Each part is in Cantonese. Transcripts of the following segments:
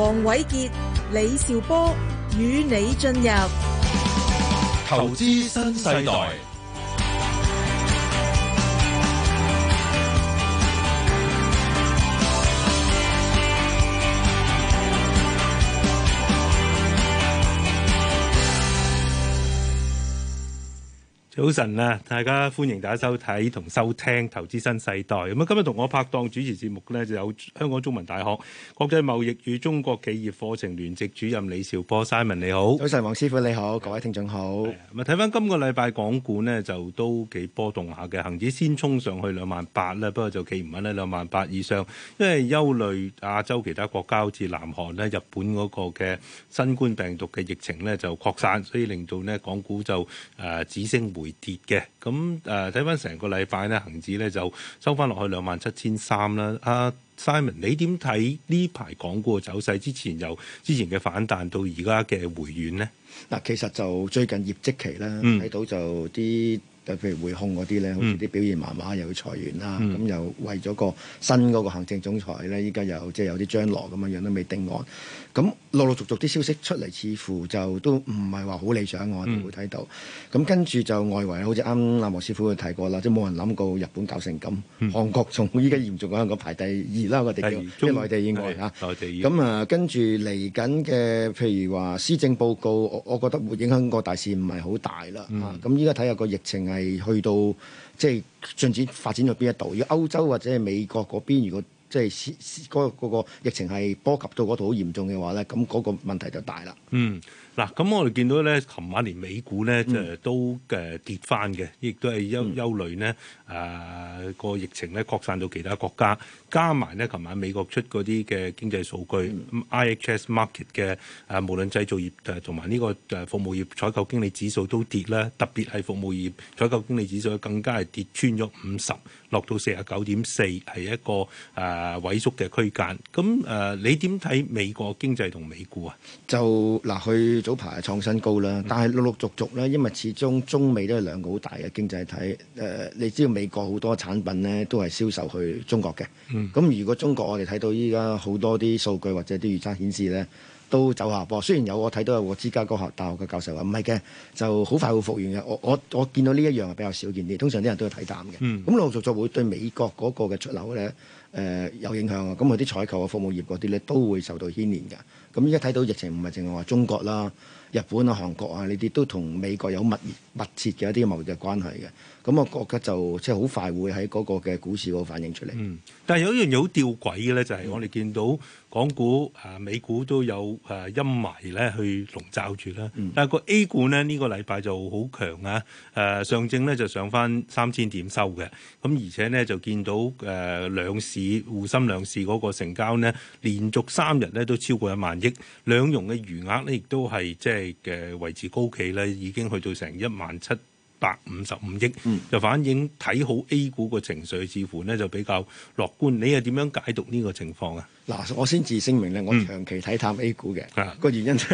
黃偉傑、李兆波與你進入投資新世代。早晨啊，大家歡迎大家收睇同收聽《投資新世代》咁啊！今日同我拍檔主持節目呢，就有香港中文大學國際貿易與中國企業課程聯席主任李兆波 Simon，你好。早晨，黃師傅你好，的各位聽眾好。咪睇翻今個禮拜港股呢，就都幾波動下嘅，恆指先衝上去兩萬八啦，不過就企唔穩喺兩萬八以上，因為憂慮亞洲其他國家好似南韓呢，日本嗰個嘅新冠病毒嘅疫情呢，就擴散，所以令到呢港股就誒止升回。跌嘅咁誒，睇翻成個禮拜咧，恆指咧就收翻落去兩萬七千三啦。阿 Simon，你點睇呢排港股嘅走勢？之前由之前嘅反彈到而家嘅回暖咧？嗱，其實就最近業績期啦，睇、嗯、到就啲譬如匯控嗰啲咧，好似啲表現麻麻，又要裁員啦，咁、嗯、又為咗個新嗰個行政總裁咧，依家又即係有啲將來咁嘅樣都未定案。咁陸陸續續啲消息出嚟，似乎就都唔係話好理想，我哋會睇到。咁跟住就外圍好似啱阿莫師傅提過啦，即係冇人諗過日本搞成咁，嗯、韓國仲依家嚴重嘅一個排第二啦，我哋叫即係內地以外嚇。咁啊、嗯，跟住嚟緊嘅，譬如話施政報告我，我覺得會影響個大市唔係好大啦。咁依家睇下個疫情係去到即係進展發展到邊一度，如果歐洲或者係美國嗰邊，如果即係嗰個疫情係波及到嗰度好嚴重嘅話咧，咁嗰個問題就大啦。嗯。嗱，咁我哋見到咧，琴晚連美股咧，即係、嗯、都誒、uh, 跌翻嘅，亦都係憂憂慮呢誒個、呃、疫情咧擴散到其他國家，加埋咧，琴晚美國出嗰啲嘅經濟數據、嗯、IHS Market 嘅誒、啊、無論製造業同埋呢個誒服務業採購經理指數都跌啦，特別係服務業採購經理指數更加係跌穿咗五十，落到四十九點四，係一個誒、呃、萎縮嘅區間。咁誒、呃，你點睇美國經濟同美股啊？就嗱、呃、去。早排創新高啦，但係陸陸續續咧，因為始終中美都係兩個好大嘅經濟體。誒、呃，你知道美國好多產品咧都係銷售去中國嘅。咁、嗯、如果中國我哋睇到依家好多啲數據或者啲預測顯示咧都走下坡。雖然有我睇到有個芝加哥大學嘅教授話唔係嘅，就好快會復原嘅。我我我見到呢一樣係比較少見啲，通常啲人都係睇淡嘅。咁、嗯、陸陸續續會對美國嗰個嘅出流咧誒、呃、有影響啊。咁佢啲採購啊、服務業嗰啲咧都會受到牽連嘅。咁而家睇到疫情唔係淨係話中國啦、日本啊、韓國啊呢啲都同美國有密密切嘅一啲貿易關係嘅。咁我覺得就即係好快會喺嗰個嘅股市個反應出嚟。嗯，但係有一樣嘢好吊詭嘅咧，就係、是、我哋見到港股誒、呃、美股都有誒、呃、陰霾咧去籠罩住啦。嗯、但係個 A 股呢，呢、這個禮拜就好強啊！誒、呃、上證咧就上返三千點收嘅。咁、嗯、而且呢，就見到誒兩、呃、市滬深兩市嗰個成交呢連續三日咧都超過一萬億，兩融嘅餘額呢，亦都係即係嘅維持高企咧，已經去到成一萬七。百五十五億、嗯、就反映睇好 A 股個情緒，似乎咧就比較樂觀。你係點樣解讀呢個情況啊？嗱，我先至聲明咧，我長期睇淡 A 股嘅。嗯、個原因就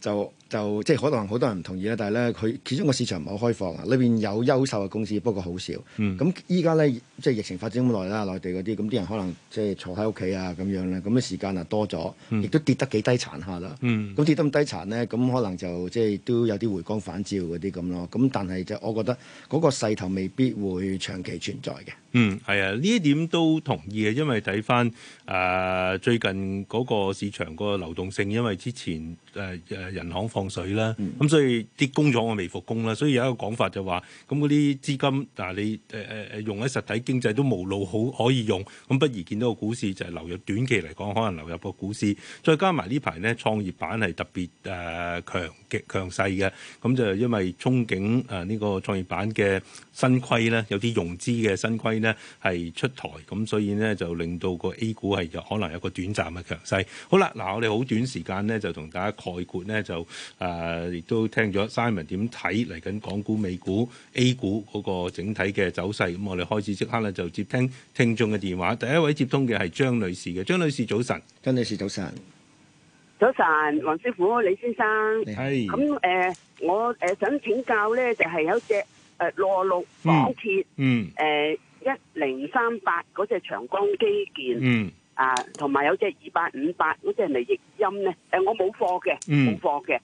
就，就即係可能好多人唔同意啦，但係咧佢其中個市場唔係好開放啊，裏邊有優秀嘅公司，不過好少。咁依家咧即係疫情發展咁耐啦，內地嗰啲咁啲人可能即係坐喺屋企啊咁樣咧，咁啲時間啊多咗，亦都跌得幾低殘下啦。咁、嗯、跌得咁低殘咧，咁可能就即係都有啲回光返照嗰啲咁咯。咁但係就我覺得嗰個勢頭未必會長期存在嘅。嗯，係啊，呢一點都同意嘅，因為睇翻誒最近嗰個市場個流動性，因為之前誒誒銀行放水啦，咁、嗯嗯、所以啲工廠我未復工啦，所以有一個講法就話，咁嗰啲資金嗱、呃、你誒誒、呃、用喺實體經濟都冇路好可以用，咁不如見到個股市就係流入，短期嚟講可能流入個股市，再加埋呢排咧創業板係特別誒強極強勢嘅，咁、呃、就因為憧憬啊呢、呃這個創業板嘅。新規咧有啲融資嘅新規咧係出台，咁、嗯、所以咧就令到個 A 股係有可能有個短暫嘅強勢。好啦，嗱我哋好短時間咧就同大家概括咧就誒亦、呃、都聽咗 Simon 點睇嚟緊港股、美股、A 股嗰個整體嘅走勢。咁、嗯、我哋開始即刻咧就接聽聽眾嘅電話。第一位接通嘅係張女士嘅，張女士，張女士早晨。張女士早晨。早晨，黃師傅，李先生。係是。咁誒、呃，我誒、呃呃、想請教咧，就係、是、有一隻。誒，羅陸港鐵，誒一零三八嗰隻長江基建，嗯、啊，同埋有隻二八五八嗰隻係咪逆音呢？咧。誒，我冇貨嘅，冇貨嘅。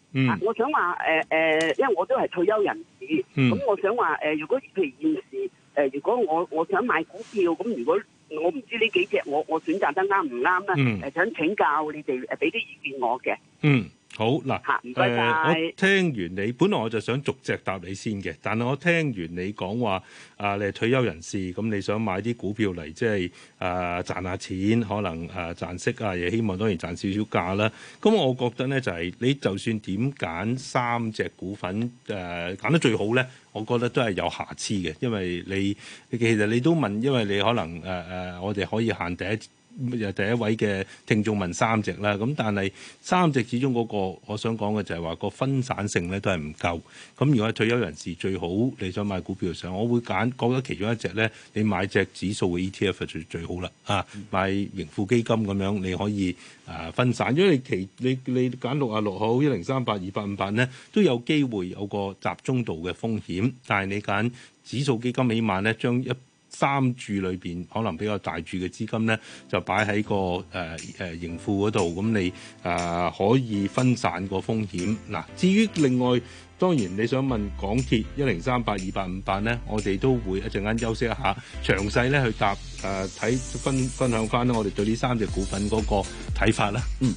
我想話，誒、呃、誒、呃，因為我都係退休人士，咁、嗯、我想話，誒、呃，如果譬如現時，誒、呃，如果我我想買股票，咁如果我唔知呢幾隻，我我選擇得啱唔啱咧？誒、嗯呃，想請教你哋，誒、呃，俾啲意見我嘅。嗯好嗱，誒謝、呃，我聽完你，本來我就想逐隻答你先嘅，但係我聽完你講話，啊、呃，你係退休人士，咁你想買啲股票嚟即係啊賺下錢，可能啊賺、呃、息啊，又希望當然賺少少價啦。咁我覺得咧就係、是、你就算點揀三隻股份，誒、呃、揀得最好咧，我覺得都係有瑕疵嘅，因為你其實你都問，因為你可能誒誒、呃，我哋可以行第一。又第一位嘅聽眾問三隻啦，咁但係三隻始終嗰個我想講嘅就係話個分散性咧都係唔夠。咁如果係退休人士最好你想買股票嘅時候，我會揀覺得其中一隻咧，你買隻指數嘅 ETF 就最好啦。啊，買盈富基金咁樣你可以啊分散，因為其你你揀六啊六號一零三八二八五八咧，38, 58，都有機會有個集中度嘅風險。但係你揀指數基金尾萬咧，將一三注裏邊可能比較大注嘅資金咧，就擺喺個誒誒盈富嗰度，咁、呃呃嗯、你啊、呃、可以分散個風險。嗱，至於另外當然你想問港鐵一零三八、二八五八咧，我哋都會一陣間休息一下，詳細咧去答誒睇、呃、分分享翻我哋對呢三隻股份嗰個睇法啦。嗯。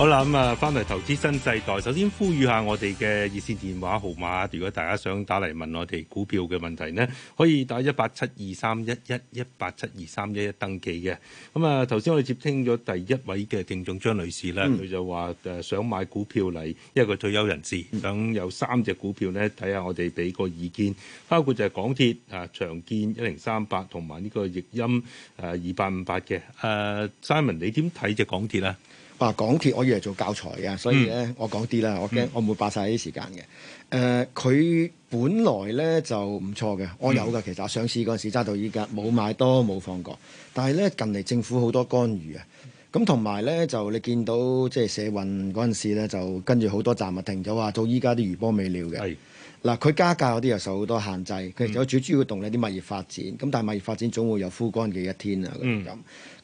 好啦，咁啊，翻嚟投資新世代，首先呼籲下我哋嘅熱線電話號碼，如果大家想打嚟問我哋股票嘅問題呢，可以打一八七二三一一一八七二三一一登記嘅。咁啊，頭先我哋接聽咗第一位嘅聽眾張女士啦，佢、嗯、就話誒、呃、想買股票嚟，因為一個退休人士，等、嗯、有三隻股票呢，睇下我哋俾個意見，包括就係港鐵啊、呃、長建一零三八同埋呢個易鑫誒二八五八嘅。誒、呃，Simon，你點睇隻港鐵啊？啊！港鐵我以為做教材嘅，所以咧、嗯、我講啲啦，我驚、嗯、我唔會霸晒啲時間嘅。誒、呃，佢本來咧就唔錯嘅，我有㗎。嗯、其實我上市嗰陣時揸到依家，冇買多，冇放過。但係咧近嚟政府好多干預啊，咁同埋咧就你見到即係社運嗰陣時咧，就跟住好多站啊停咗啊，到依家啲餘波未了嘅。嗱，佢加價嗰啲又受好多限制，佢、嗯、有最主要嘅動力啲物業發展咁，嗯、但係物業發展總會有枯乾嘅一天啊咁。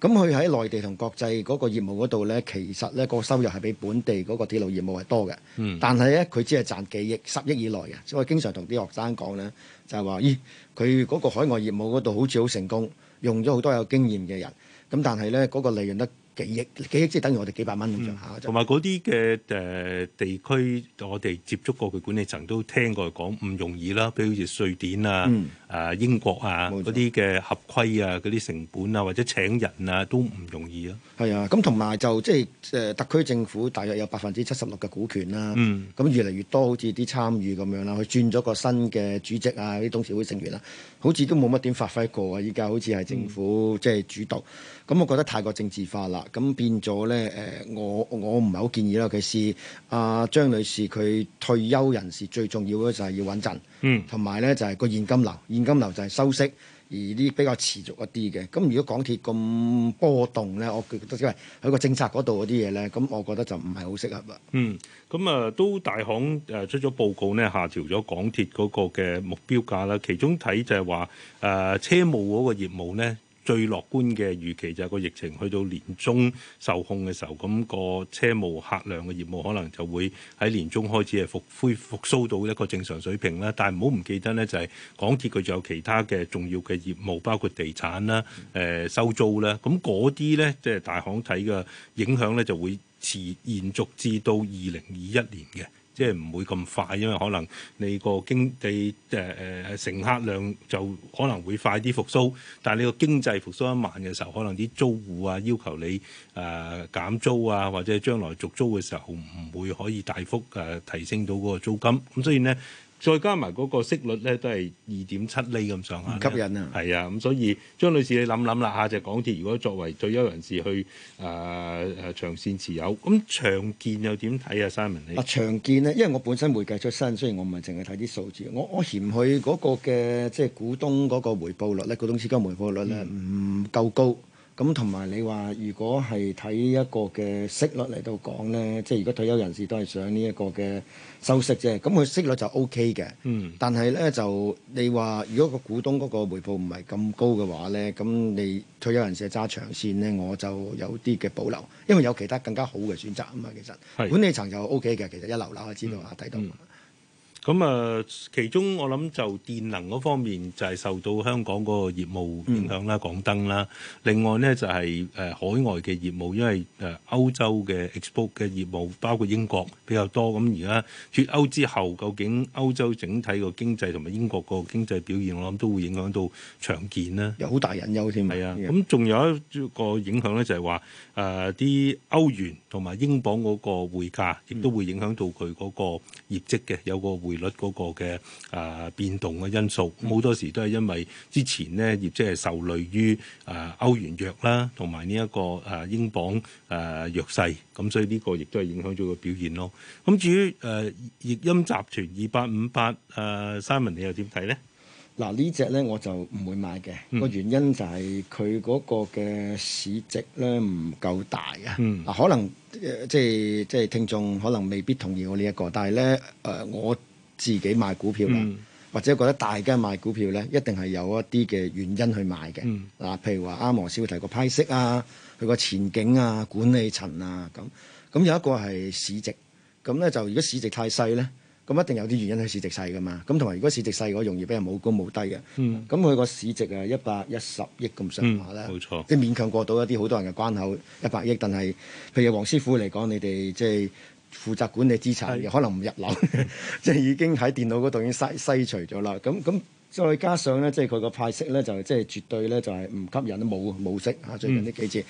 咁佢喺內地同國際嗰個業務嗰度呢，其實呢個收入係比本地嗰個鐵路業務係多嘅，嗯、但係呢，佢只係賺幾億、十億以內嘅。所以我經常同啲學生講呢，就係、是、話咦，佢嗰個海外業務嗰度好似好成功，用咗好多有經驗嘅人咁，但係呢，嗰、那個利潤得。幾億幾億，即係等於我哋幾百蚊咁上下。同埋嗰啲嘅誒地區，我哋接觸過佢管理層，都聽過講唔容易啦。譬如好似瑞典啊、嗯、啊英國啊嗰啲嘅合規啊、嗰啲成本啊或者請人啊都唔容易啊。係啊，咁同埋就即係誒特區政府大約有百分之七十六嘅股權啦。咁、嗯、越嚟越多好似啲參與咁樣啦，佢轉咗個新嘅主席啊、啲董事會成員啦，好似都冇乜點發揮過啊。依家好似係政府即係、嗯、主導，咁我覺得太過政治化啦。咁變咗咧，誒、呃，我我唔係好建議啦。其實阿張女士佢退休人士最重要咧就係要穩陣，嗯，同埋咧就係、是、個現金流，現金流就係收息，而啲比較持續一啲嘅。咁如果港鐵咁波動咧，我覺得因為喺個政策嗰度嗰啲嘢咧，咁我覺得就唔係好適合啊。嗯，咁啊都大行誒出咗報告咧，下調咗港鐵嗰個嘅目標價啦。其中睇就係話誒車務嗰個業務咧。最樂觀嘅預期就係個疫情去到年中受控嘅時候，咁個車務客量嘅業務可能就會喺年中開始係復恢復甦到一個正常水平啦。但係唔好唔記得呢，就係港鐵佢仲有其他嘅重要嘅業務，包括地產啦、誒收租啦。咁嗰啲呢，即係大行睇嘅影響呢，就會持延續至到二零二一年嘅。即係唔會咁快，因為可能你個經濟誒誒乘客量就可能會快啲復甦，但係你個經濟復甦一慢嘅時候，可能啲租戶啊要求你誒減、呃、租啊，或者將來續租嘅時候唔會可以大幅誒提升到嗰個租金，咁所以咧。再加埋嗰個息率咧，都係二點七厘咁上下。吸引啊！係啊，咁所以張女士你諗諗啦嚇，就港鐵如果作為退休人士去誒誒、呃、長線持有，咁、嗯、長建又點睇啊？Simon，你啊長建咧，因為我本身會計出身，雖然我唔係淨係睇啲數字，我我嫌佢嗰個嘅即係股東嗰個回報率咧，股東資金回報率咧唔夠高。嗯。咁同埋你話，如果係睇一個嘅息率嚟到講呢，即係如果退休人士都係想呢一個嘅收息啫，咁、那、佢、個、息率就 O K 嘅。嗯，但係呢，就你話，如果個股東嗰個回報唔係咁高嘅話呢，咁你退休人士揸長線呢，我就有啲嘅保留，因為有其他更加好嘅選擇啊嘛。其實管理的層就 O K 嘅，其實一流樓我知道啊，睇、嗯、到。咁啊，其中我諗就電能嗰方面就係受到香港嗰個業務影響啦，嗯、港燈啦。另外咧就係、是、誒、呃、海外嘅業務，因為誒歐、呃、洲嘅 expo 嘅業務包括英國比較多。咁而家脫歐之後究竟歐洲整體個經濟同埋英國個經濟表現我諗都會影響到長見啦。有好大隱憂添，係啊，咁仲在、嗯、有一個影響咧，就係話誒啲歐元同埋英鎊嗰個匯價，亦都會影響到佢嗰、那個。業績嘅有個匯率嗰個嘅啊、呃、變動嘅因素，好、嗯、多時都係因為之前咧業績係受累於啊、呃、歐元弱啦，同埋呢一個啊、呃、英鎊啊、呃、弱勢，咁所以呢個亦都係影響咗個表現咯。咁至於誒易鑫集團二八五八誒 Simon，你又點睇咧？嗱呢隻咧我就唔會買嘅，個、嗯、原因就係佢嗰個嘅市值咧唔夠大啊！嗱、嗯，可能即係即係聽眾可能未必同意我呢、這、一個，但係咧誒我自己買股票啦，嗯、或者覺得大家買股票咧一定係有一啲嘅原因去買嘅。嗱、嗯，譬如話啱啱摩斯提過派息啊，佢個前景啊、管理層啊咁，咁有一個係市值，咁咧就如果市值太細咧。咁一定有啲原因係市值細噶嘛，咁同埋如果市值細嘅話，容易俾人舞高舞低嘅。咁佢個市值啊一百一十億咁上下啦，冇、嗯、錯，即係勉強過到一啲好多人嘅關口一百億，但係譬如黃師傅嚟講，你哋即係負責管理資產，又是可能唔入流，嗯、 即係已經喺電腦嗰度已經篩篩除咗啦。咁咁再加上咧，即係佢個派息咧，就即、是、係絕對咧就係唔吸引，冇冇息吓，最近呢幾次。嗯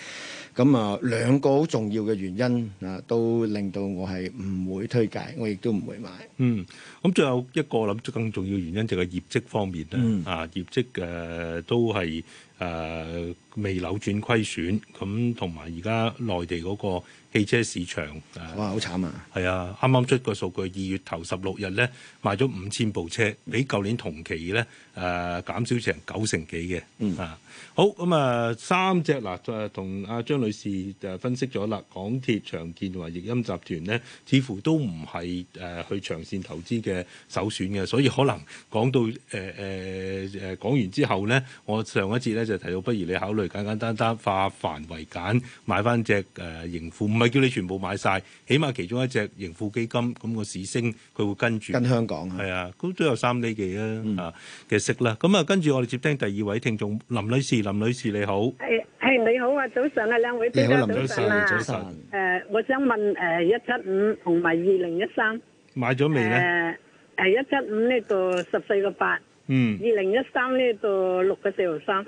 咁啊，兩個好重要嘅原因啊，都令到我係唔會推介，我亦都唔會買。嗯。咁最後一個諗，更重要原因就係業績方面咧，嗯、啊業績誒都係誒未扭轉虧損，咁同埋而家內地嗰個汽車市場，哇好慘啊！係啊，啱啱出個數據，二月頭十六日咧，賣咗五千部車，比舊年同期咧誒、呃、減少成九成幾嘅。嗯、啊好咁啊、嗯、三隻嗱誒同阿張女士誒分析咗啦，港鐵、長建同埋易鑫集團咧，似乎都唔係誒去長線投資嘅。嘅首選嘅，所以可能講到誒誒誒講完之後咧，我上一節咧就提到，不如你考慮簡簡單單化繁為簡，買返隻誒盈富，唔係叫你全部買晒，起碼其中一隻盈富基金咁個市升，佢會跟住跟香港係啊，都都有三釐幾啊嚇嘅息啦。咁啊，跟住我哋接聽第二位聽眾林女士，林女士你好，係係你好啊，早上啊，兩位專家早晨啊，早晨誒，我想問誒一七五同埋二零一三買咗未咧？誒，一七五呢就十四個八，嗯，二零一三呢就六個四毫三，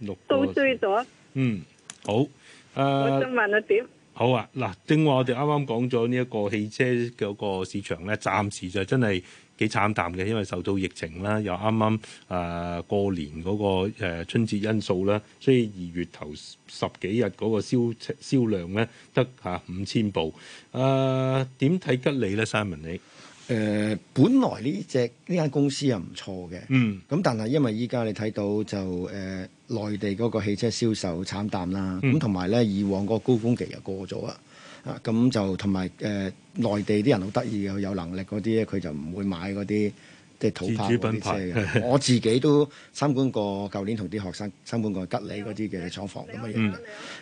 六都追咗，嗯，好，誒、呃，我想問下點，好啊，嗱，正話我哋啱啱講咗呢一個汽車嗰個市場咧，暫時就真係幾慘淡嘅，因為受到疫情啦，又啱啱誒過年嗰個誒春節因素啦，所以二月頭十幾日嗰個銷銷量咧得吓五千部，誒、呃，點睇吉利咧，Simon 你？誒、呃，本來呢隻呢間公司係唔錯嘅，嗯，咁但係因為依家你睇到就誒、呃，內地嗰個汽車銷售慘淡啦，咁同埋咧以往個高峰期又過咗啊，啊，咁就同埋誒內地啲人好得意嘅，有能力嗰啲咧，佢就唔會買嗰啲。即係土炮嗰啲車嘅，自主品牌，我自己都參觀過。舊年同啲學生參觀過吉利嗰啲嘅廠房咁嘅樣，咁、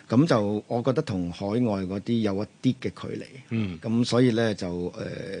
嗯、就我覺得同海外嗰啲有一啲嘅距離。咁、嗯、所以咧就誒，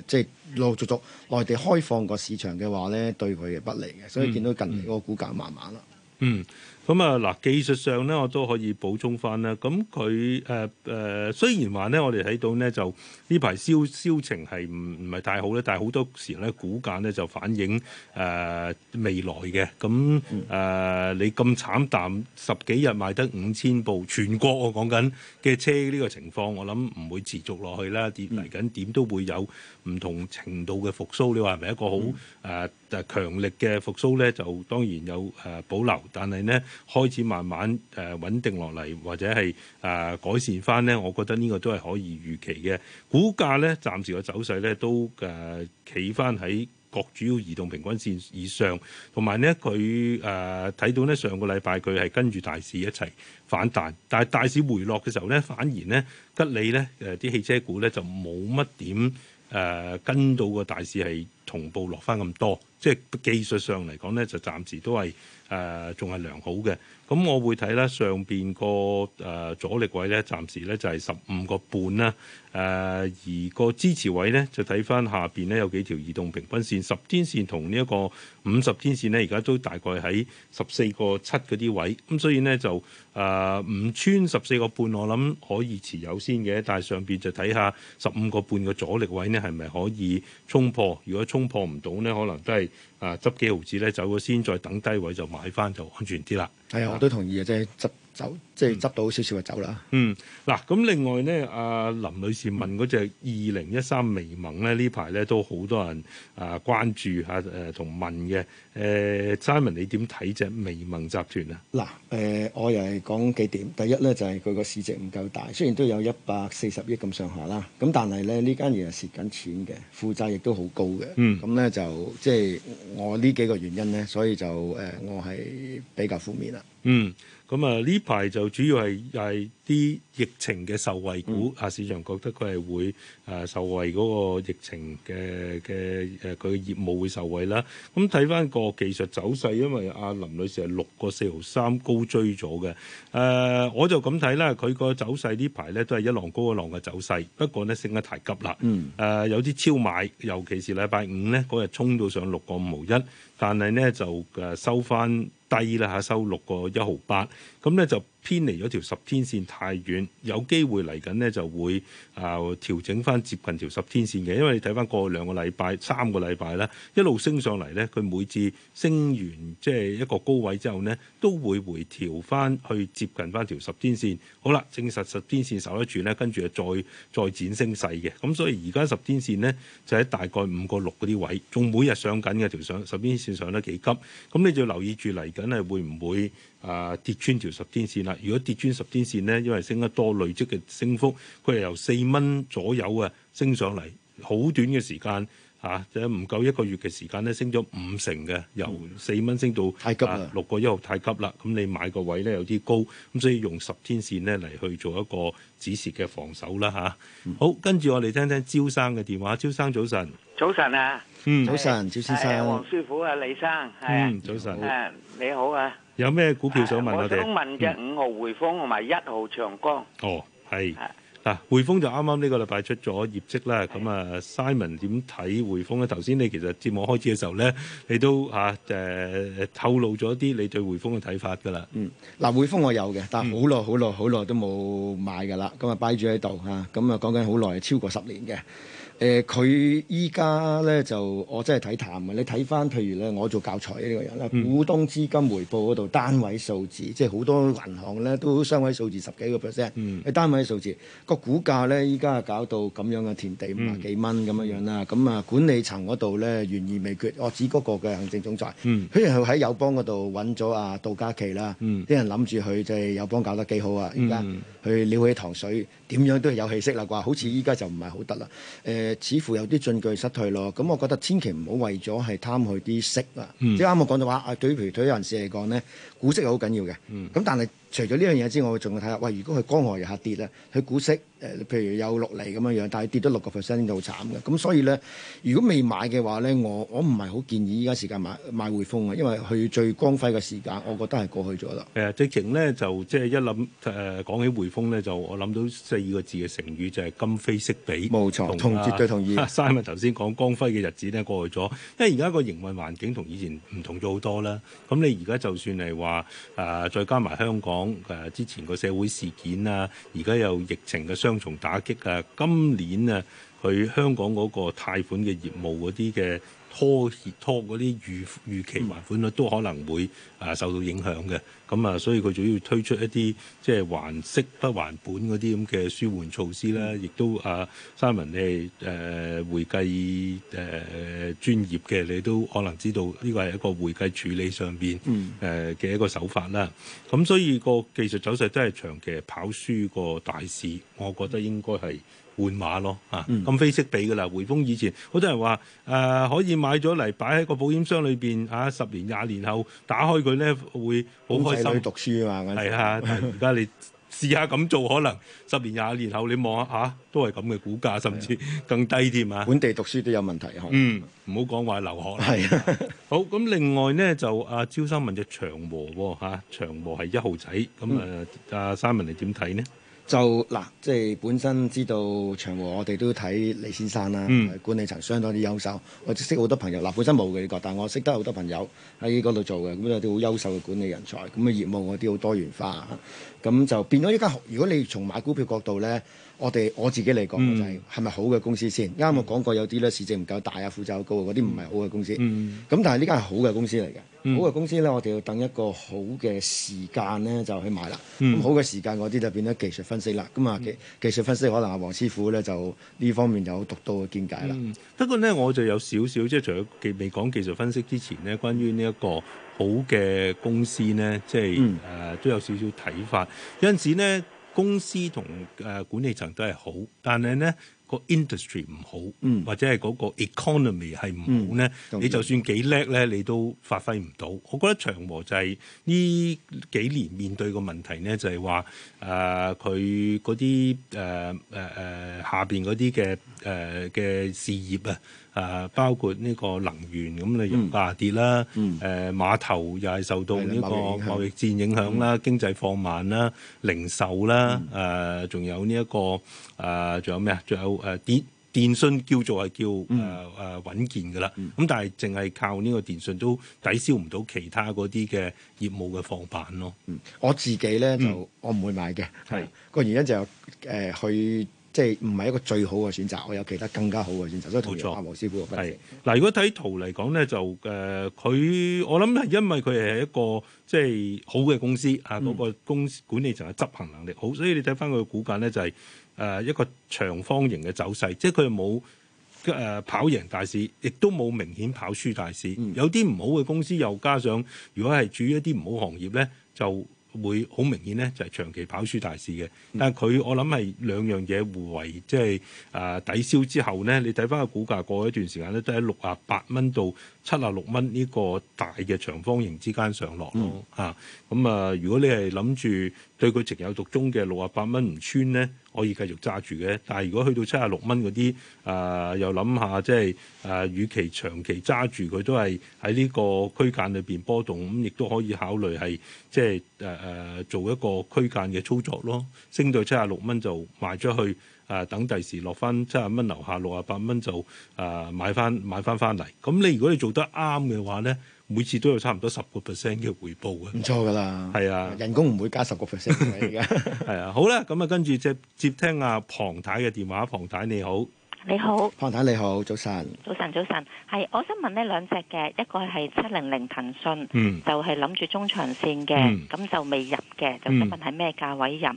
即係陸續陸續內地開放個市場嘅話咧，對佢係不利嘅，所以見到近嚟嗰個股價慢慢啦。嗯。嗯咁啊嗱，技術上咧，我都可以補充翻啦。咁佢誒誒，雖然話咧，我哋睇到咧就呢排銷銷情係唔唔係太好咧，但係好多時咧，股價咧就反映誒、呃、未來嘅。咁、呃、誒，嗯、你咁慘淡十幾日賣得五千部全國我講緊嘅車呢個情況，我諗唔會持續落去啦。跌嚟緊點都會有唔同程度嘅復甦。你話係咪一個好誒、嗯呃、強力嘅復甦咧？就當然有誒、呃、保留，但係咧。開始慢慢誒穩定落嚟，或者係誒、呃、改善翻咧，我覺得呢個都係可以預期嘅。股價咧，暫時個走勢咧都誒企翻喺各主要移動平均線以上，同埋呢，佢誒睇到呢，上個禮拜佢係跟住大市一齊反彈，但係大市回落嘅時候呢，反而呢吉利呢誒啲汽車股呢，就冇乜點。誒、呃、跟到個大市係同步落翻咁多，即係技術上嚟講咧，就暫時都係誒仲係良好嘅。咁我會睇啦，上邊個誒阻力位咧，暫時咧就係十五個半啦。誒、呃、而個支持位呢，就睇翻下邊呢，有幾條移動平均線，十天線同呢一個五十天線呢，而家都大概喺十四個七嗰啲位，咁所以呢，就誒唔、呃、穿十四個半，我諗可以持有先嘅。但係上邊就睇下十五個半嘅阻力位呢，係咪可以衝破？如果衝破唔到呢，可能都係誒執幾毫子呢，走咗先，再等低位就買翻就安全啲啦。係啊的，嗯、我都同意啊，即係執。走即係執到少少就走啦。嗯，嗱，咁另外咧，阿林女士問嗰隻二零一三微盟咧，呢排咧都好多人啊關注吓誒同問嘅。誒、呃、，Simon 你點睇隻微盟集團啊？嗱，誒、呃，我又係講幾點。第一咧就係佢個市值唔夠大，雖然都有一百四十億咁上下啦。咁但係咧呢間嘢係蝕緊錢嘅，負債亦都好高嘅。嗯。咁咧就即係、就是、我呢幾個原因咧，所以就誒、呃、我係比較負面啦。嗯。咁啊！呢排就主要係係啲疫情嘅受惠股啊，市場覺得佢係會誒受惠嗰個疫情嘅嘅誒佢業務會受惠啦。咁睇翻個技術走勢，因為阿林女士係六個四毫三高追咗嘅。誒、呃，我就咁睇啦，佢個走勢呢排咧都係一浪高一浪嘅走勢，不過咧升得太急啦。嗯。誒，有啲超買，尤其是禮拜五咧嗰日衝到上六個五毫一，但係咧就誒收翻。低啦嚇，收六個一毫八，咁咧就。偏離咗條十天線太遠，有機會嚟緊呢就會啊調整翻接近條十天線嘅，因為你睇翻過去兩個禮拜、三個禮拜啦，一路升上嚟呢，佢每次升完即係一個高位之後呢，都會回調翻去接近翻條十天線。好啦，證實十天線守得住呢，跟住再再展升勢嘅。咁所以而家十天線呢，就喺大概五個六嗰啲位，仲每日上緊嘅條上十天線上得幾急。咁你就要留意住嚟緊係會唔會？啊！跌穿條十天線啦！如果跌穿十天線呢，因為升得多累積嘅升幅，佢係由四蚊左右啊升上嚟，好短嘅時間嚇，即係唔夠一個月嘅時間咧，升咗五成嘅，由四蚊升到太急六個一號太急啦！咁你買個位咧有啲高，咁所以用十天線咧嚟去做一個止蝕嘅防守啦吓，好，跟住我哋聽聽趙生嘅電話。趙生早晨，早晨啊！早晨，趙先生，王師傅啊，李生，早晨，你好啊！有咩股票想問我哋？我想問嘅、嗯、五號匯豐同埋一號長江。哦，係。嗱係，匯豐就啱啱呢個禮拜出咗業績啦。咁啊，Simon 點睇匯豐咧？頭先你其實節目開始嘅時候咧，你都嚇誒、啊呃、透露咗啲你對匯豐嘅睇法噶啦。嗯。嗱、啊，匯豐我有嘅，但係好耐好耐好耐都冇買噶啦。咁啊，擺住喺度嚇。咁啊，講緊好耐，超過十年嘅。誒佢依家咧就我真係睇淡。啊，你睇翻譬如咧，我做教材呢個人啦，股、嗯、東資金回報嗰度單位數字，嗯、即係好多銀行咧都雙位數字十幾個 percent，係、嗯、單位數字。個股價咧依家搞到咁樣嘅田地五十幾蚊咁樣、嗯、樣啦。咁啊，管理層嗰度咧懸而未決，我指嗰個嘅行政總裁，雖然佢喺友邦嗰度揾咗阿杜嘉琪啦，啲、嗯、人諗住佢就係友邦搞得幾好啊，而家去撩起糖水，點樣都係有氣息啦啩？好似依家就唔係好得啦，誒。呃呃呃呃誒，似乎有啲進退失據咯。咁我覺得千祈唔好為咗係貪佢啲息啊。即係啱我講到話，啊對於譬如退休人士嚟講咧，股息係好緊要嘅。咁、嗯、但係。除咗呢樣嘢之外，我仲會睇下，喂，如果佢江河又下跌咧，佢股息誒、呃，譬如有六厘咁樣樣，但係跌咗六個 percent 就好慘嘅。咁所以咧，如果未買嘅話咧，我我唔係好建議依家時間買買匯豐啊，因為佢最光輝嘅時間，我覺得係過去咗啦。誒、嗯，直情咧就即係一諗誒、呃，講起匯豐咧，就我諗到四個字嘅成語就係今非昔比。冇錯，同跟絕對同意。啊、三日頭先講光輝嘅日子咧過去咗，因為而家個營運環境同以前唔同咗好多啦。咁你而家就算係話誒，再加埋香港。講誒之前個社會事件啊，而家有疫情嘅雙重打擊啊，今年啊，去香港嗰個貸款嘅業務嗰啲嘅。拖拖嗰啲預預期還款率都可能會啊受到影響嘅，咁啊所以佢主要推出一啲即係還息不還本嗰啲咁嘅舒緩措施啦，亦都啊，三文你誒會計誒專業嘅，你都可能知道呢個係一個會計處理上邊嗯誒嘅一個手法啦。咁所以個技術走勢都係長期跑輸個大市，我覺得應該係。換馬咯嚇，咁非昔比噶啦。匯豐以前好多人話誒、呃、可以買咗嚟擺喺個保險箱裏邊嚇，十、啊、年廿年後打開佢咧會好開心。仔女讀書啊嘛，係啊，但係而家你試下咁做，可能十年廿年後你望下嚇都係咁嘅股價，甚至更低添啊！本地讀書都有問題，嗯，唔好講話留學。係是啊好，好咁另外咧就阿招三文隻長和喎嚇、啊，長和係一號仔，咁啊，阿、啊、三文你點睇呢？就嗱，即係本身知道長和，我哋都睇李先生啦，嗯、管理層相當之優秀。我識好多朋友，嗱本身冇嘅呢個，但我識得好多朋友喺嗰度做嘅，咁有啲好優秀嘅管理人才，咁嘅業務我啲好多元化，咁就變咗依家。如果你從買股票角度咧。我哋我自己嚟講，就係係咪好嘅公司先？啱啱講過有啲咧市值唔夠大啊，負債高嗰啲唔係好嘅公司。咁、嗯、但係呢間係好嘅公司嚟嘅。嗯、好嘅公司咧，我哋要等一個好嘅時間咧，就去買啦。咁、嗯、好嘅時間，嗰啲就變咗技術分析啦。咁啊、嗯，技技術分析可能阿黃師傅咧就呢方面有獨到嘅見解啦。不過咧，我就有少少即係除咗未講技術分析之前咧，關於呢一個好嘅公司咧，即係誒、嗯呃、都有少少睇法。有陣時呢。公司同誒、呃、管理層都係好，但係咧、個 industry 唔好，嗯、或者係嗰個 economy 係唔好咧，嗯、你就算幾叻咧，你都發揮唔到。我覺得長和就係呢幾年面對個問題咧，就係話誒佢嗰啲誒誒誒下邊嗰啲嘅誒嘅事業啊。誒、啊、包括呢個能源咁你弱下跌啦，誒、嗯啊、碼頭又係受到呢個貿易戰影響啦，嗯、經濟放慢啦，零售啦，誒仲有呢一個誒仲有咩啊？仲有誒、這、電、個啊呃、電信叫做係叫誒誒、呃、穩健嘅啦。咁、嗯、但係淨係靠呢個電信都抵消唔到其他嗰啲嘅業務嘅放慢咯。我自己咧就、嗯、我唔會買嘅，係個是原因就係、是、誒、呃、去。即係唔係一個最好嘅選擇，我有其他更加好嘅選擇。冇錯、所以同阿黃師傅分析。係嗱，如果睇圖嚟講咧，就誒佢、呃、我諗係因為佢係一個即係、就是、好嘅公司啊，嗰、嗯、個公司管理層嘅執行能力好，所以你睇翻佢嘅股價咧就係、是、誒、呃、一個長方形嘅走勢，即係佢冇誒跑贏大市，亦都冇明顯跑輸大市。嗯、有啲唔好嘅公司又加上，如果係處於一啲唔好行業咧，就。會好明顯咧，就係長期跑輸大市嘅。但係佢我諗係兩樣嘢互為即係啊抵消之後咧，你睇翻個股價過一段時間咧，都喺六啊八蚊到。七啊六蚊呢個大嘅長方形之間上落咯，啊、嗯，咁啊，如果你係諗住對佢情有獨鍾嘅六啊八蚊唔穿咧，可以繼續揸住嘅。但係如果去到七啊六蚊嗰啲，啊、呃、又諗下即係啊，與其長期揸住佢，都係喺呢個區間裏邊波動，咁亦都可以考慮係即係誒誒做一個區間嘅操作咯。升到七啊六蚊就賣出去。誒等第時落翻七十蚊留下六十八蚊就誒買翻買翻翻嚟，咁你如果你做得啱嘅話咧，每次都有差唔多十個 percent 嘅回報嘅，唔錯㗎啦。係啊，人工唔會加十個 percent 㗎而家。係啊，好啦，咁啊跟住就接聽阿龐太嘅電話，龐太你好，你好，龐太你好，早晨，早晨，早晨，係，我想問呢兩隻嘅，一個係七零零騰訊，嗯，就係諗住中長線嘅，咁就未入嘅，就想問喺咩價位入？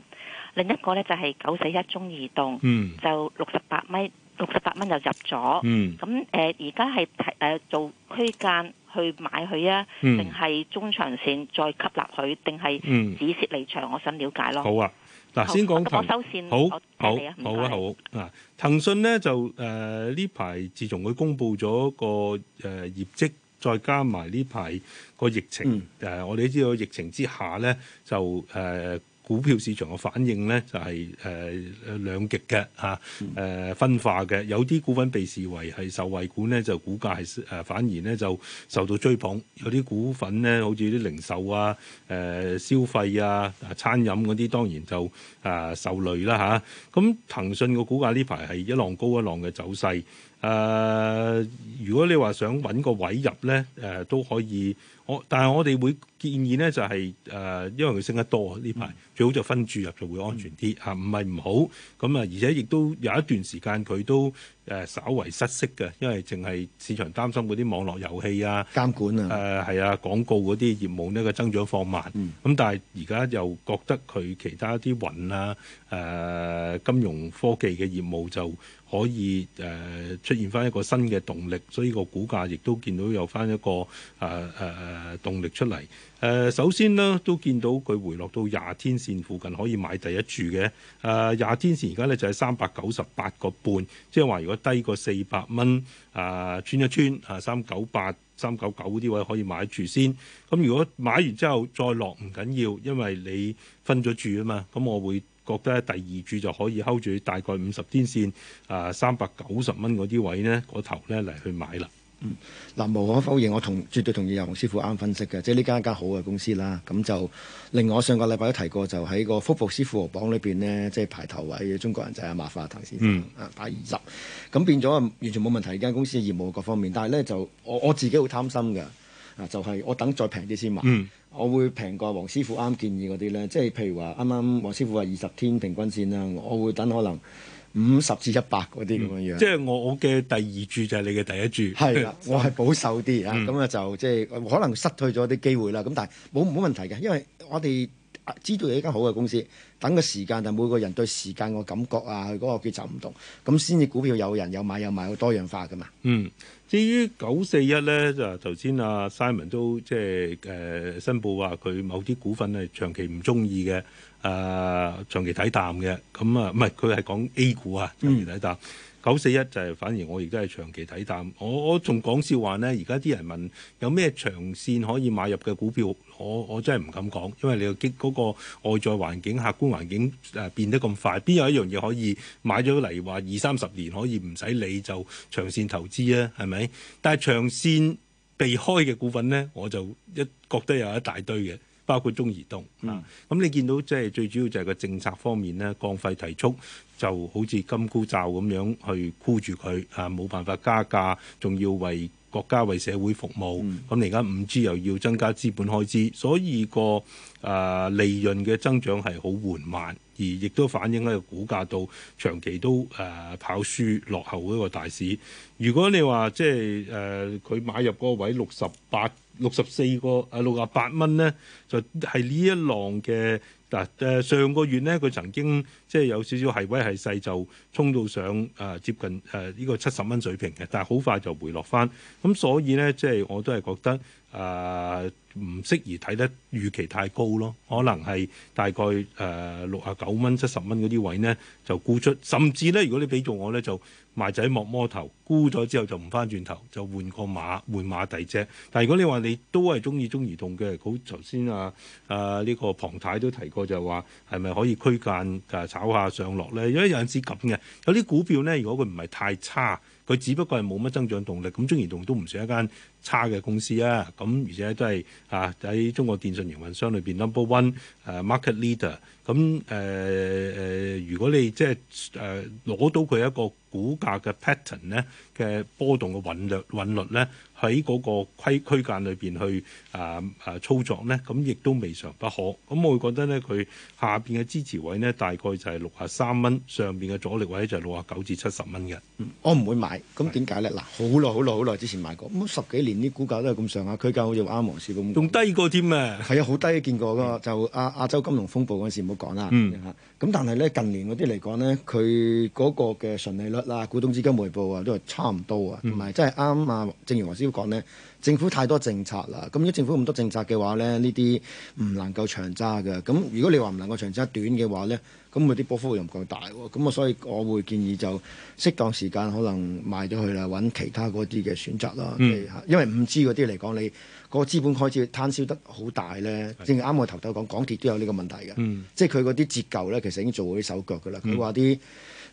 另一個咧就係九四一中移動，嗯、就六十八米六十八蚊就入咗。咁誒而家係誒做區間去買佢啊，定係、嗯、中長線再吸納佢，定係止蝕離場？我想了解咯。好啊，嗱先講好收線好。好，好，好，好，好啊！好啊！騰訊咧就誒呢排，自從佢公布咗個誒業績，再加埋呢排個疫情誒、嗯啊，我哋都知道疫情之下咧就誒。就就就就嗯就股票市場嘅反應咧，就係、是、誒、呃、兩極嘅嚇，誒、啊呃、分化嘅。有啲股份被視為係受惠股咧，就股價係誒、呃、反而咧就受到追捧；有啲股份咧，好似啲零售啊、誒、呃、消費啊、餐飲嗰啲，當然就啊、呃、受累啦嚇。咁、啊、騰訊嘅股價呢排係一浪高一浪嘅走勢。誒、呃，如果你話想搵個位入咧，誒、呃、都可以。但我但係我哋會建議呢、就是，就係誒，因為佢升得多呢排，最好就分注入就會安全啲吓，唔係唔好咁啊！而且亦都有一段時間佢都誒稍為失色嘅，因為淨係市場擔心嗰啲網絡遊戲啊監管啊誒係啊，啊廣告嗰啲業務呢個增長放慢，咁但係而家又覺得佢其他啲雲啊誒金融科技嘅業務就可以誒出現翻一個新嘅動力，所以個股價亦都見到有翻一個誒誒。Uh, 誒動力出嚟誒、呃，首先咧都見到佢回落到廿天線附近可以買第一柱嘅誒，廿、呃、天線而家咧就係三百九十八個半，即係話如果低過四百蚊誒，穿一穿啊三九八、三九九嗰啲位可以買住先。咁如果買完之後再落唔緊要，因為你分咗住啊嘛。咁我會覺得第二柱就可以 hold 住大概五十天線啊三百九十蚊嗰啲位呢，嗰頭咧嚟去買啦。嗯，嗱，無可否認，我同絕對同意由黃師傅啱分析嘅，即係呢間一間好嘅公司啦。咁就另外，我上個禮拜都提過，就喺個福布斯富豪榜裏邊呢，即係排頭位嘅中國人就係馬化騰先生、嗯、啊，排二十。咁變咗完全冇問題，呢間公司嘅業務各方面。但係呢，就我我自己好貪心嘅啊，就係、是、我等再平啲先買，嗯、我會平過黃師傅啱建議嗰啲呢。即係譬如話啱啱黃師傅話二十天平均線啦，我會等可能，五十至一百嗰啲咁嘅樣，即係我我嘅第二注就係你嘅第一注。係啦、啊，我係保守啲、嗯、啊，咁啊就即係可能失去咗啲機會啦。咁但係冇冇問題嘅，因為我哋知道有一間好嘅公司，等個時間但係每個人對時間個感覺啊，嗰、那個抉擇唔同，咁先至股票有人有買有賣，好多元化噶嘛。嗯。至於九四一咧，就頭先阿 Simon 都即係誒，申報話佢某啲股份係長期唔鍾意嘅，誒、呃、長期睇淡嘅，咁啊唔係，佢係講 A 股啊長期睇淡。九四一就係反而我而家係長期睇淡，我我仲講笑話呢，而家啲人問有咩長線可以買入嘅股票，我我真係唔敢講，因為你個外在環境、客觀環境誒變得咁快，邊有一樣嘢可以買咗嚟話二三十年可以唔使理就長線投資啊？係咪？但係長線避開嘅股份呢，我就一覺得有一大堆嘅。包括中移動。啊、嗯，咁你見到即係最主要就係個政策方面咧降費提速，就好似金箍罩咁樣去箍住佢啊，冇辦法加價，仲要為。國家為社會服務，咁而家五 G 又要增加資本開支，所以、個誒、呃、利潤嘅增長係好緩慢，而亦都反映喺股價度，長期都誒、呃、跑輸落後嗰個大市。如果你話即係誒佢買入嗰位六十八、六十四個誒六廿八蚊咧，就係、是、呢一浪嘅。嗱誒、啊，上個月咧，佢曾經即係有少少係威係勢，就衝到上啊、呃、接近誒呢、呃這個七十蚊水平嘅，但係好快就回落翻。咁所以咧，即係我都係覺得誒。呃唔適宜睇得預期太高咯，可能係大概誒六啊九蚊，七十蚊嗰啲位呢，就沽出，甚至呢，如果你俾做我呢，就賣仔莫摸頭，沽咗之後就唔翻轉頭就換個馬換馬底啫。但係如果你話你都係中意中移動嘅，好頭先啊啊呢個龐太都提過就係話係咪可以區間誒炒下上落呢？因為有陣時咁嘅有啲股票呢，如果佢唔係太差，佢只不過係冇乜增長動力，咁中移動都唔算一間差嘅公司啊，咁而且都係啊喺中國電信營運商裏邊 number one，誒、uh, market leader、嗯。咁誒誒如果你即係誒攞到佢一個股價嘅 pattern 咧嘅波動嘅韻律韻律咧，喺嗰個區區間裏邊去啊誒、啊、操作咧，咁亦都未嘗不可。咁、嗯、我會覺得咧，佢下邊嘅支持位咧大概就係六十三蚊，上邊嘅阻力位咧就係六十九至七十蚊嘅。嗯、我唔會買，咁點解咧？嗱是，好耐好耐好耐之前買過咁十幾年。連啲股價都係咁上下區間，好似啱黃師咁，仲低過添啊！係啊，好低見過咯。嗯、就亞亞洲金融風暴嗰陣時唔好講啦。咁、嗯、但係咧近年嗰啲嚟講咧，佢嗰個嘅純利率啊、股東資金回報啊，都係差唔多啊，同埋、嗯、真係啱啊。正如黃師講咧。政府太多政策啦，咁如果政府咁多政策嘅話咧，呢啲唔能夠長揸嘅。咁如果你話唔能夠長揸短嘅話咧，咁咪啲波幅又唔夠大喎。咁我所以，我會建議就適當時間可能賣咗佢啦，揾其他嗰啲嘅選擇啦。嗯、因為五 G 嗰啲嚟講，你嗰個資本開支攤銷得好大咧，正啱的我頭頭講，港鐵都有呢個問題嘅。嗯、即係佢嗰啲折舊咧，其實已經做咗啲手腳嘅啦。佢話啲。嗯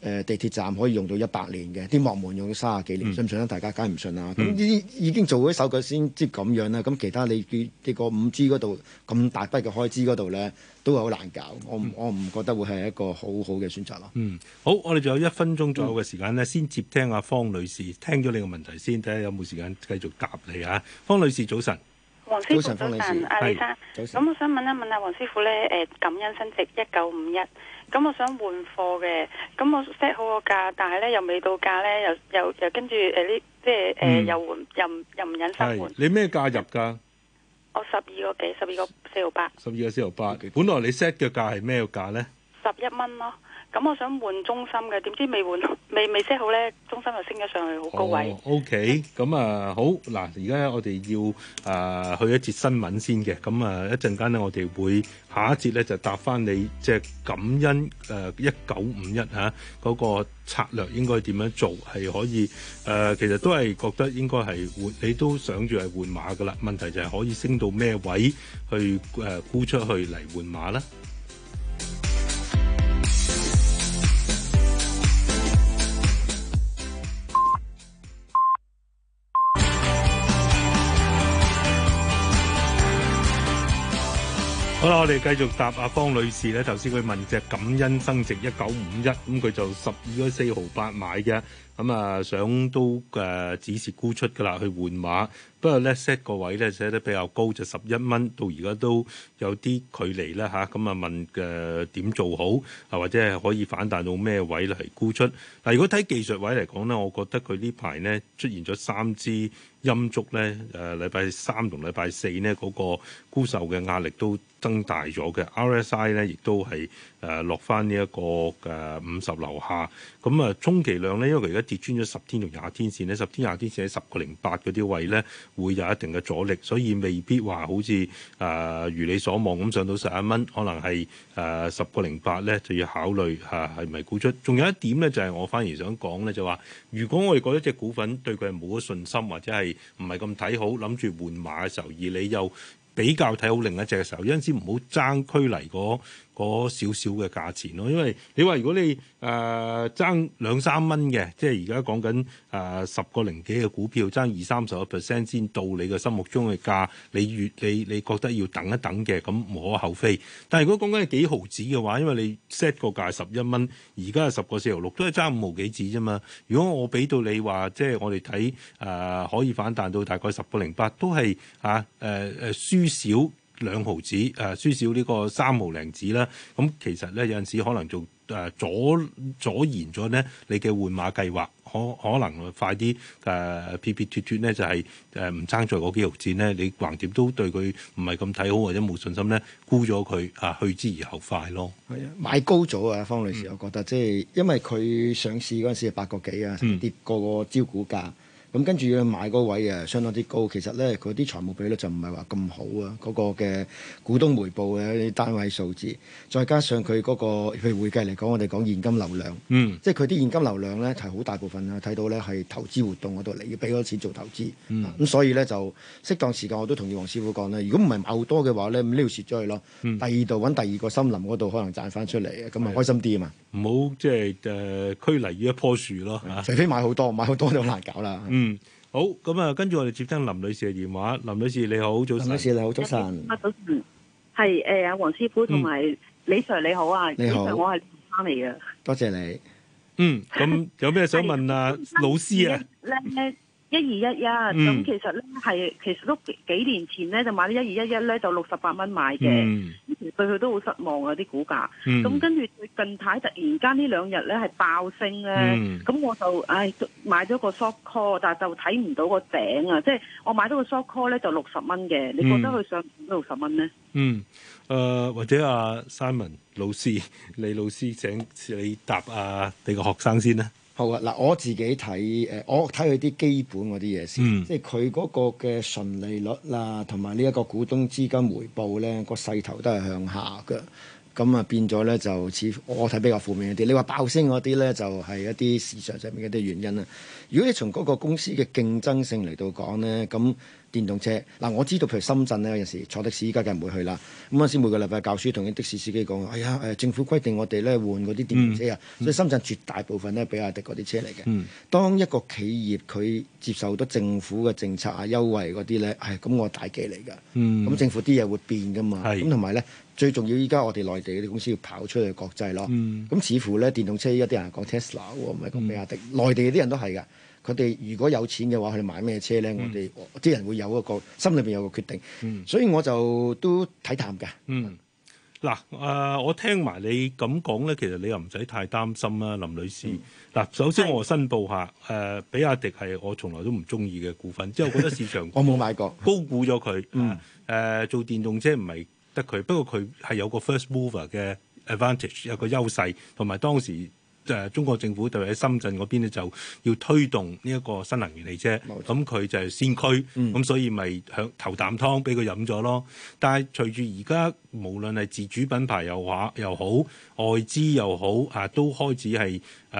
誒地鐵站可以用到一百年嘅，啲幕門用咗三十幾年，嗯、信唔信咧？大家梗係唔信啦。咁呢啲已經做咗手腳先即咁樣啦。咁其他你啲啲個五 G 嗰度咁大筆嘅開支嗰度咧，都好難搞。我我唔覺得會係一個好好嘅選擇咯。嗯，好，我哋仲有一分鐘左右嘅時間咧，先接聽阿方女士，聽咗你個問題先，睇下有冇時間繼續答你嚇。方女士，早晨。黃師傅，早晨。啊、是早晨上。咁我想問一問阿黃師傅咧，誒、呃、感恩增值一九五一。咁我想換貨嘅，咁我 set 好個價，但係咧又未到價咧，又又又跟住誒、呢、呃、即係誒、呃、又換又又唔忍心換。你咩價入噶？我十二個幾，十二個四六八。十二個四六八嘅，本來你 set 嘅價係咩價呢？十一蚊咯。咁我想換中心嘅，點知未換，未未 set 好咧，中心就升咗上去，好高位。OK，咁啊好嗱，而家我哋要啊去一節新聞先嘅，咁啊一陣間咧我哋會下一節咧就答翻你，即係感恩誒一九五一嚇嗰個策略應該點樣做，係可以誒，其實都係覺得應該係換，你都想住係換馬噶啦，問題就係可以升到咩位去誒沽出去嚟換馬咧？好啦，我哋繼續答阿方女士咧。頭先佢問隻錦欣生殖一九五一，咁佢就十二個四毫八買嘅。咁啊、嗯，想都誒只是沽出㗎啦，去換馬。不過咧 set 個位咧寫得比較高，就十一蚊，到而家都有啲距離啦吓，咁啊問誒點、呃、做好，或者係可以反彈到咩位嚟沽出？嗱、呃，如果睇技術位嚟講咧，我覺得佢呢排咧出現咗三支陰燭咧誒，禮、呃、拜三同禮拜四咧嗰、那個沽售嘅壓力都增大咗嘅 RSI 咧，亦都係。誒落翻呢一個誒五十樓下咁啊，充其、這個啊啊、量咧，因為佢而家跌穿咗十天同廿天線咧，十天廿天線喺十個零八嗰啲位咧，會有一定嘅阻力，所以未必話好似誒、啊、如你所望咁上到十一蚊，可能係誒十個零八咧就要考慮嚇係咪沽出。仲有一點咧，就係、是、我反而想講咧，就話如果我哋覺得隻股份對佢係冇咗信心，或者係唔係咁睇好，諗住換馬嘅時候，而你又比較睇好另一隻嘅時候，有陣時唔好爭距離嗰嗰少少嘅價錢咯，因為你話如果你誒爭兩三蚊嘅，即係而家講緊誒十個零幾嘅股票爭二三十個 percent 先到你嘅心目中嘅價，你越你你覺得要等一等嘅，咁無可厚非。但係如果講緊係幾毫子嘅話，因為你 set 個價十一蚊，而家係十個四毫六，都係爭五毫幾子啫嘛。如果我俾到你話，即係我哋睇誒可以反彈到大概十個零八，都係啊誒誒輸少。兩毫紙誒、啊、輸少呢個三毫零紙啦，咁、啊、其實咧有陣時可能就誒阻阻延咗咧你嘅換馬計劃，可可能快啲誒撇撇脫脫咧就係誒唔爭在嗰幾毫錢咧，你橫掂都對佢唔係咁睇好或者冇信心咧，沽咗佢啊去之而後快咯。係啊，買高咗啊，方女士，我覺得即係、嗯、因為佢上市嗰陣時八個幾啊，跌個個招股價。咁跟住要買嗰位啊，相當之高。其實咧，佢啲財務比率就唔係話咁好啊。嗰、嗰個嘅股東回報嘅啲單位數字，再加上佢嗰、嗰個，譬如會計嚟講，我哋講現金流量，嗯，即係佢啲現金流量咧係好大部分啊。睇到咧係投資活動嗰度嚟，要俾多錢做投資。咁、嗯啊、所以咧就適當時間，我都同意黃師傅講啦。如果唔係買好多嘅話咧，咁呢度蝕咗去咯。嗯、第二度揾第二個森林嗰度可能賺翻出嚟，咁咪、嗯、開心啲啊嘛。唔好即係誒，拘泥、呃、於一棵樹咯，除非買好多，買好多就好難搞啦。嗯，好，咁啊，跟住我哋接聽林女士嘅電話。林女士你好，早晨。林女士你好，早晨、啊。早晨，係誒，阿、呃、黃師傅同埋、嗯、李 sir 你好啊。你好，李 sir，我係翻嚟嘅。多謝你。嗯，咁有咩想問啊？ 是老師啊？ 一二一一，咁其實咧係其實都幾年前咧就買咗一二一一咧就六十八蚊買嘅，以前、嗯、對佢都好失望啊啲股價。咁、嗯、跟住佢近排突然間呢兩日咧係爆升咧，咁、嗯、我就唉買咗個 short call，但係就睇唔到個頂啊！即、就、係、是、我買咗個 short call 咧就六十蚊嘅，嗯、你覺得佢上到六十蚊咧？嗯，誒、呃、或者阿 Simon 老師、李老師，請你答啊你個學生先啦。好啊，嗱我自己睇，誒、呃、我睇佢啲基本嗰啲嘢先，嗯、即係佢嗰個嘅純利率啦、啊，同埋呢一個股東資金回報咧，個勢頭都係向下嘅，咁啊變咗咧就似乎我睇比較負面一啲。你話爆升嗰啲咧，就係、是、一啲市場上面一啲原因啊。如果你從嗰個公司嘅競爭性嚟到講咧，咁。電動車嗱、啊，我知道譬如深圳咧，有陣時坐的士，依家梗唔會去啦。咁嗰陣每個禮拜教書，同啲的士司機講哎呀，誒、哎、政府規定我哋咧換嗰啲電動車啊。嗯嗯、所以深圳絕大部分咧，比亞迪嗰啲車嚟嘅。嗯、當一個企業佢接受到政府嘅政策啊、優惠嗰啲咧，係、哎、咁我大忌嚟㗎。咁、嗯、政府啲嘢會變㗎嘛？咁同埋咧，最重要依家我哋內地嗰啲公司要跑出去國際咯。咁、嗯、似乎咧電動車依家啲人講 Tesla 喎，唔係講比亞迪，嗯、內地啲人都係㗎。佢哋如果有錢嘅話，佢哋買咩車咧、嗯？我哋啲人會有一個心裏邊有個決定，嗯、所以我就都睇淡嘅。嗱、嗯，誒、呃，我聽埋你咁講咧，其實你又唔使太擔心啦，林女士。嗱、嗯，首先我申報下，誒是、呃，比亞迪係我從來都唔中意嘅股份，即係我覺得市場 我冇買過高估咗佢。嗯、呃，誒、呃，做電動車唔係得佢，不過佢係有個 first mover 嘅 advantage 有個優勢，同埋當時。就係中國政府，特別喺深圳嗰邊咧，就要推動呢一個新能源汽車。咁佢錯就係先驅，咁、嗯、所以咪響頭啖湯俾佢飲咗咯。但係隨住而家，無論係自主品牌又話又好，外資又好，啊都開始係。誒誒、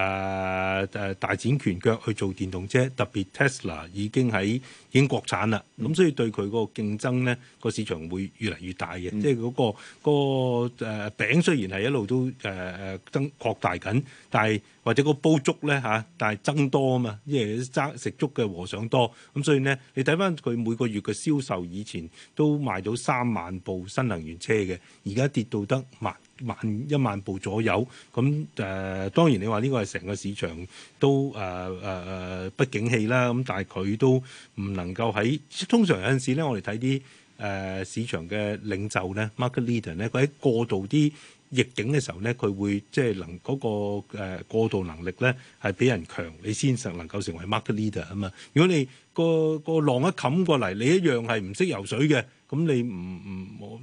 呃、大展拳腳去做電動車，特別 Tesla 已經喺已經國產啦，咁、嗯、所以對佢個競爭咧個市場會越嚟越大嘅，嗯、即係嗰、那個嗰、那個誒、呃、餅雖然係一路都誒誒、呃、增擴大緊，但係或者個煲粥咧嚇、啊，但係增多啊嘛，因為爭食粥嘅和尚多，咁所以咧你睇返佢每個月嘅銷售，以前都賣到三萬部新能源車嘅，而家跌到得萬，萬一萬步左右，咁誒當然你話呢個係成個市場都誒誒誒不景氣啦，咁但係佢都唔能夠喺通常有陣時咧，我哋睇啲誒市場嘅領袖咧，market leader 咧，佢喺過渡啲逆境嘅時候咧，佢會即係能嗰個誒過渡能力咧係比人強，你先實能夠成為 market leader 啊嘛。如果你個個浪一冚過嚟，你一樣係唔識游水嘅，咁你唔唔冇。.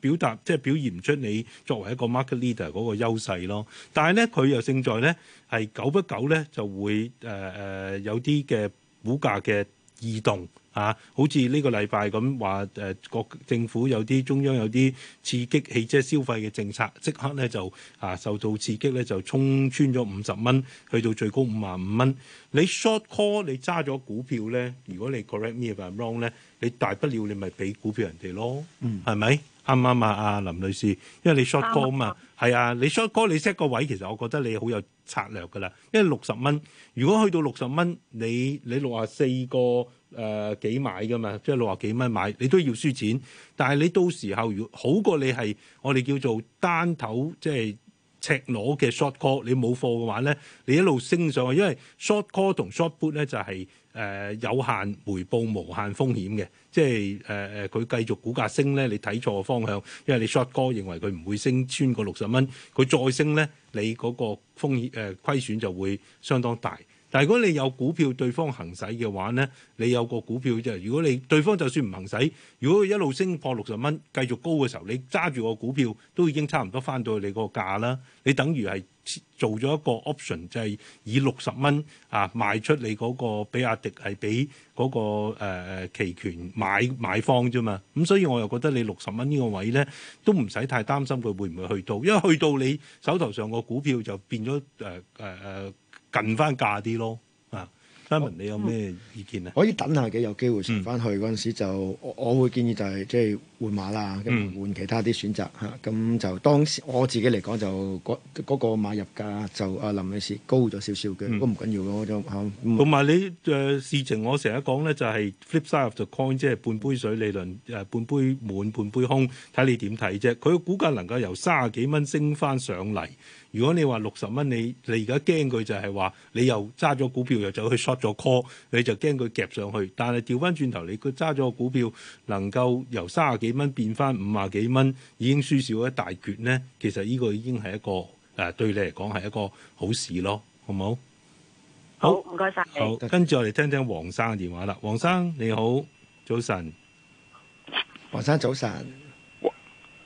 表達即係表現唔出你作為一個 market leader 嗰個優勢咯。但係咧，佢又勝在咧係久不久咧就會誒誒、呃、有啲嘅股價嘅異動啊，好似呢個禮拜咁話誒，國、呃、政府有啲中央有啲刺激汽車消費嘅政策，即刻咧就啊受到刺激咧就衝穿咗五十蚊去到最高五萬五蚊。你 short call 你揸咗股票咧，如果你 correct me if I'm wrong 咧，你大不了，了你咪俾股票人哋咯，係咪、嗯？啱啱啊，阿、嗯嗯、林女士，因為你 short call 啊嘛，係啊，你 short call 你 set 個位，其實我覺得你好有策略噶啦。因為六十蚊，如果去到六十蚊，你你六啊四個誒、呃、幾買噶嘛，即係六啊幾蚊買，你都要輸錢。但係你到時候，如果好過你係我哋叫做單頭即係、就是、赤裸嘅 short call，你冇貨嘅話咧，你一路升上去，因為 short call 同 short put 咧就係、是、誒、呃、有限回報無限風險嘅。即係誒誒，佢、呃、繼續股價升咧，你睇錯方向，因為你 short 哥認為佢唔會升穿個六十蚊，佢再升咧，你嗰個風險誒、呃、虧損就會相當大。但係如果你有股票，對方行使嘅話咧，你有個股票啫。如果你對方就算唔行使，如果佢一路升破六十蚊，繼續高嘅時候，你揸住個股票都已經差唔多翻到你個價啦。你等於係做咗一個 option，就係以六十蚊啊賣出你嗰、那個，比亞迪係俾嗰個誒、呃、期權買買，買方啫嘛。咁所以我又覺得你六十蚊呢個位咧，都唔使太擔心佢會唔會去到，因為去到你手頭上個股票就變咗誒誒誒。呃呃呃近翻價啲咯，啊 Steven 你有咩意見咧？可以等下嘅，有機會上翻去嗰陣時就、嗯、我會建議就係即係換馬啦，跟住、嗯、換其他啲選擇嚇。咁、啊、就當時我自己嚟講就嗰嗰、那個買入價就阿、啊、林女士高咗少少嘅，嗯、都唔緊要咯，都嚇。同、嗯、埋你誒、呃、事情我，我成日講咧就係、是、flip side of the coin，即係半杯水理論，誒、呃、半杯滿半杯空，睇你點睇啫。佢嘅估價能夠由三十幾蚊升翻上嚟。如果你話六十蚊，你你而家驚佢就係話你又揸咗股票又走去 short 咗 call，你就驚佢夾上去。但係調翻轉頭，你佢揸咗股票能夠由三十幾蚊變翻五廿幾蚊，已經輸少一大橛呢。其實呢個已經係一個誒對你嚟講係一個好事咯，好唔好？好唔該晒。好，謝謝好，跟住我哋聽聽黃生嘅電話啦。黃生你好，早晨。黃生早晨。.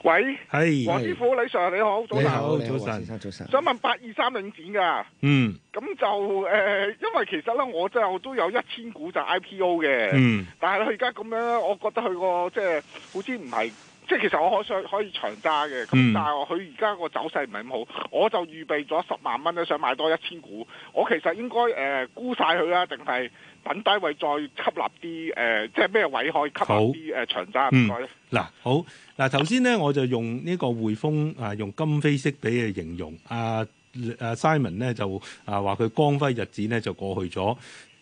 喂，係黃師傅，李 Sir 你好，早晨，早晨，想問八二三領展噶，嗯，咁就誒、呃，因為其實咧，我真係我都有一千股就 I P O 嘅，嗯，但係佢而家咁樣咧，我覺得佢個即係好似唔係，即係其實我可想可以長揸嘅，咁、嗯、但係佢而家個走勢唔係咁好，我就預備咗十萬蚊咧，想買多一千股，我其實應該誒沽晒佢啦，定、呃、係？品低位再吸納啲誒、呃，即係咩位可以吸納啲誒長單入去咧？嗱好、嗯，好嗱，頭先咧我就用呢個匯豐啊，用今非昔比嘅形容，阿、啊、阿、啊、Simon 咧就啊，話佢光輝日子咧就過去咗。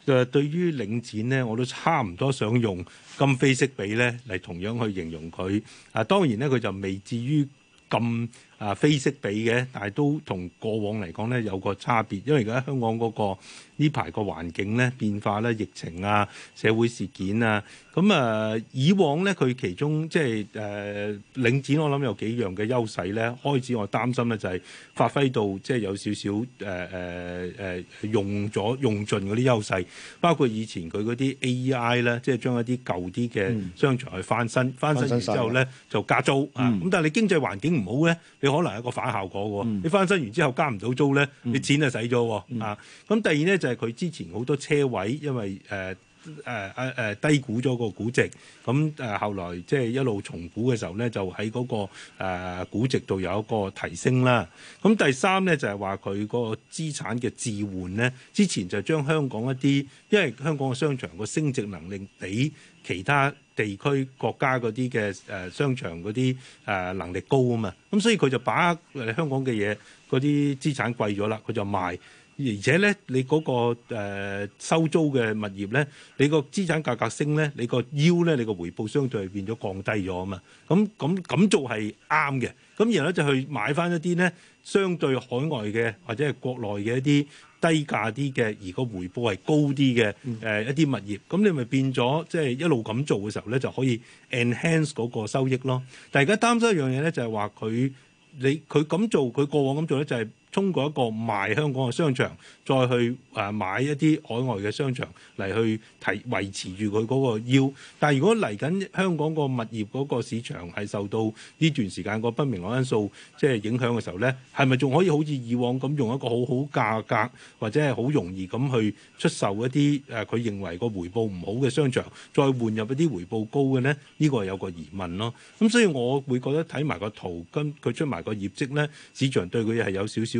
誒，對於領展咧，我都差唔多想用今非昔比咧嚟同樣去形容佢。啊，當然咧佢就未至於咁。啊，非色比嘅，但係都同過往嚟講咧，有個差別，因為而家香港嗰、那個呢排個環境咧變化咧，疫情啊，社會事件啊，咁、嗯、啊，以往咧佢其中即係誒、呃、領展，我諗有幾樣嘅優勢咧，開始我擔心咧就係發揮到即係有少少誒誒誒用咗用盡嗰啲優勢，包括以前佢嗰啲 A E I 咧，即係將一啲舊啲嘅商場去翻新，嗯、翻新然之後咧、嗯、就加租啊，咁但係你經濟環境唔好咧，可能係一個反效果嘅，你翻新完之後加唔到租咧，你錢就使咗、嗯、啊。咁第二咧就係佢之前好多車位，因為誒誒誒誒低估咗個估值，咁、嗯、誒、呃、後來即係一路重估嘅時候咧，就喺嗰、那個、呃、估值度有一個提升啦。咁、嗯、第三咧就係話佢個資產嘅置換咧，之前就將香港一啲，因為香港嘅商場個升值能力比其他地區國家嗰啲嘅誒商場嗰啲誒能力高啊嘛，咁所以佢就把誒香港嘅嘢嗰啲資產貴咗啦，佢就賣。而且咧你嗰個收租嘅物業咧，你個資產價格升咧，你個 yield 咧，你個回報相對係變咗降低咗啊嘛，咁咁咁做係啱嘅。咁然後咧就去買翻一啲咧，相對海外嘅或者係國內嘅一啲低價啲嘅而個回報係高啲嘅誒一啲、嗯呃、物業，咁你咪變咗即係一路咁做嘅時候咧，就可以 enhance 嗰個收益咯。但係而家擔心一樣嘢咧，就係話佢你佢咁做，佢過往咁做咧就係、是。通過一個賣香港嘅商場再去誒、啊、買一啲海外嘅商場嚟去提維持住佢嗰個腰。但係如果嚟緊香港個物業嗰個市場係受到呢段時間個不明朗因素即係影響嘅時候咧，係咪仲可以好似以往咁用一個好好價格或者係好容易咁去出售一啲誒佢認為個回報唔好嘅商場再換入一啲回報高嘅咧？呢、呢個有個疑問咯。咁所以我會覺得睇埋個圖，跟佢出埋個業績咧，市場對佢係有少少。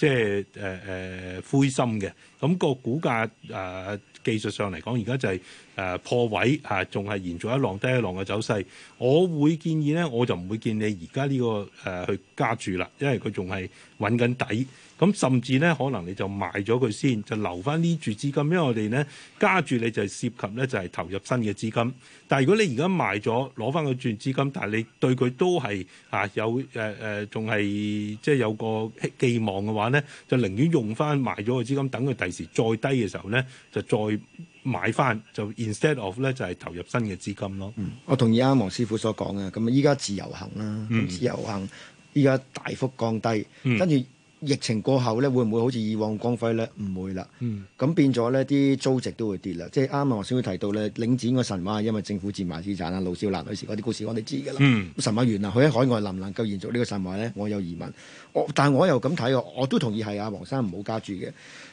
即係誒誒灰心嘅，咁、那個股價誒、呃、技術上嚟講而家就係、是、誒、呃、破位啊，仲係延續一浪低一浪嘅走勢，我會建議咧，我就唔會建議你而家呢個誒、呃、去加注啦，因為佢仲係穩緊底。咁甚至咧，可能你就賣咗佢先，就留翻呢注資金，因為我哋咧加注你就涉及咧就係、是、投入新嘅資金。但係如果你而家賣咗攞翻個轉資金，但係你對佢都係啊有誒誒仲係即係有個寄望嘅話。咧就寧願用翻賣咗嘅資金，等佢第時再低嘅時候咧，就再買翻，就 instead of 咧就係投入新嘅資金咯。嗯、我同意啱黃師傅所講嘅。咁依家自由行啦，咁自由行依家大幅降低，跟住、嗯。疫情過後咧，會唔會好似以往光輝咧？唔會啦。咁、嗯、變咗咧，啲租值都會跌啦。即係啱啱我先會提到咧，領展個神話，因為政府賤賣資產啊、盧少蘭女士嗰啲故事我，我哋知嘅啦。神話完啊，佢喺海外能唔能夠延續呢個神話咧？我有疑問。我，但我又咁睇我，都同意係啊，黃生唔好加注嘅。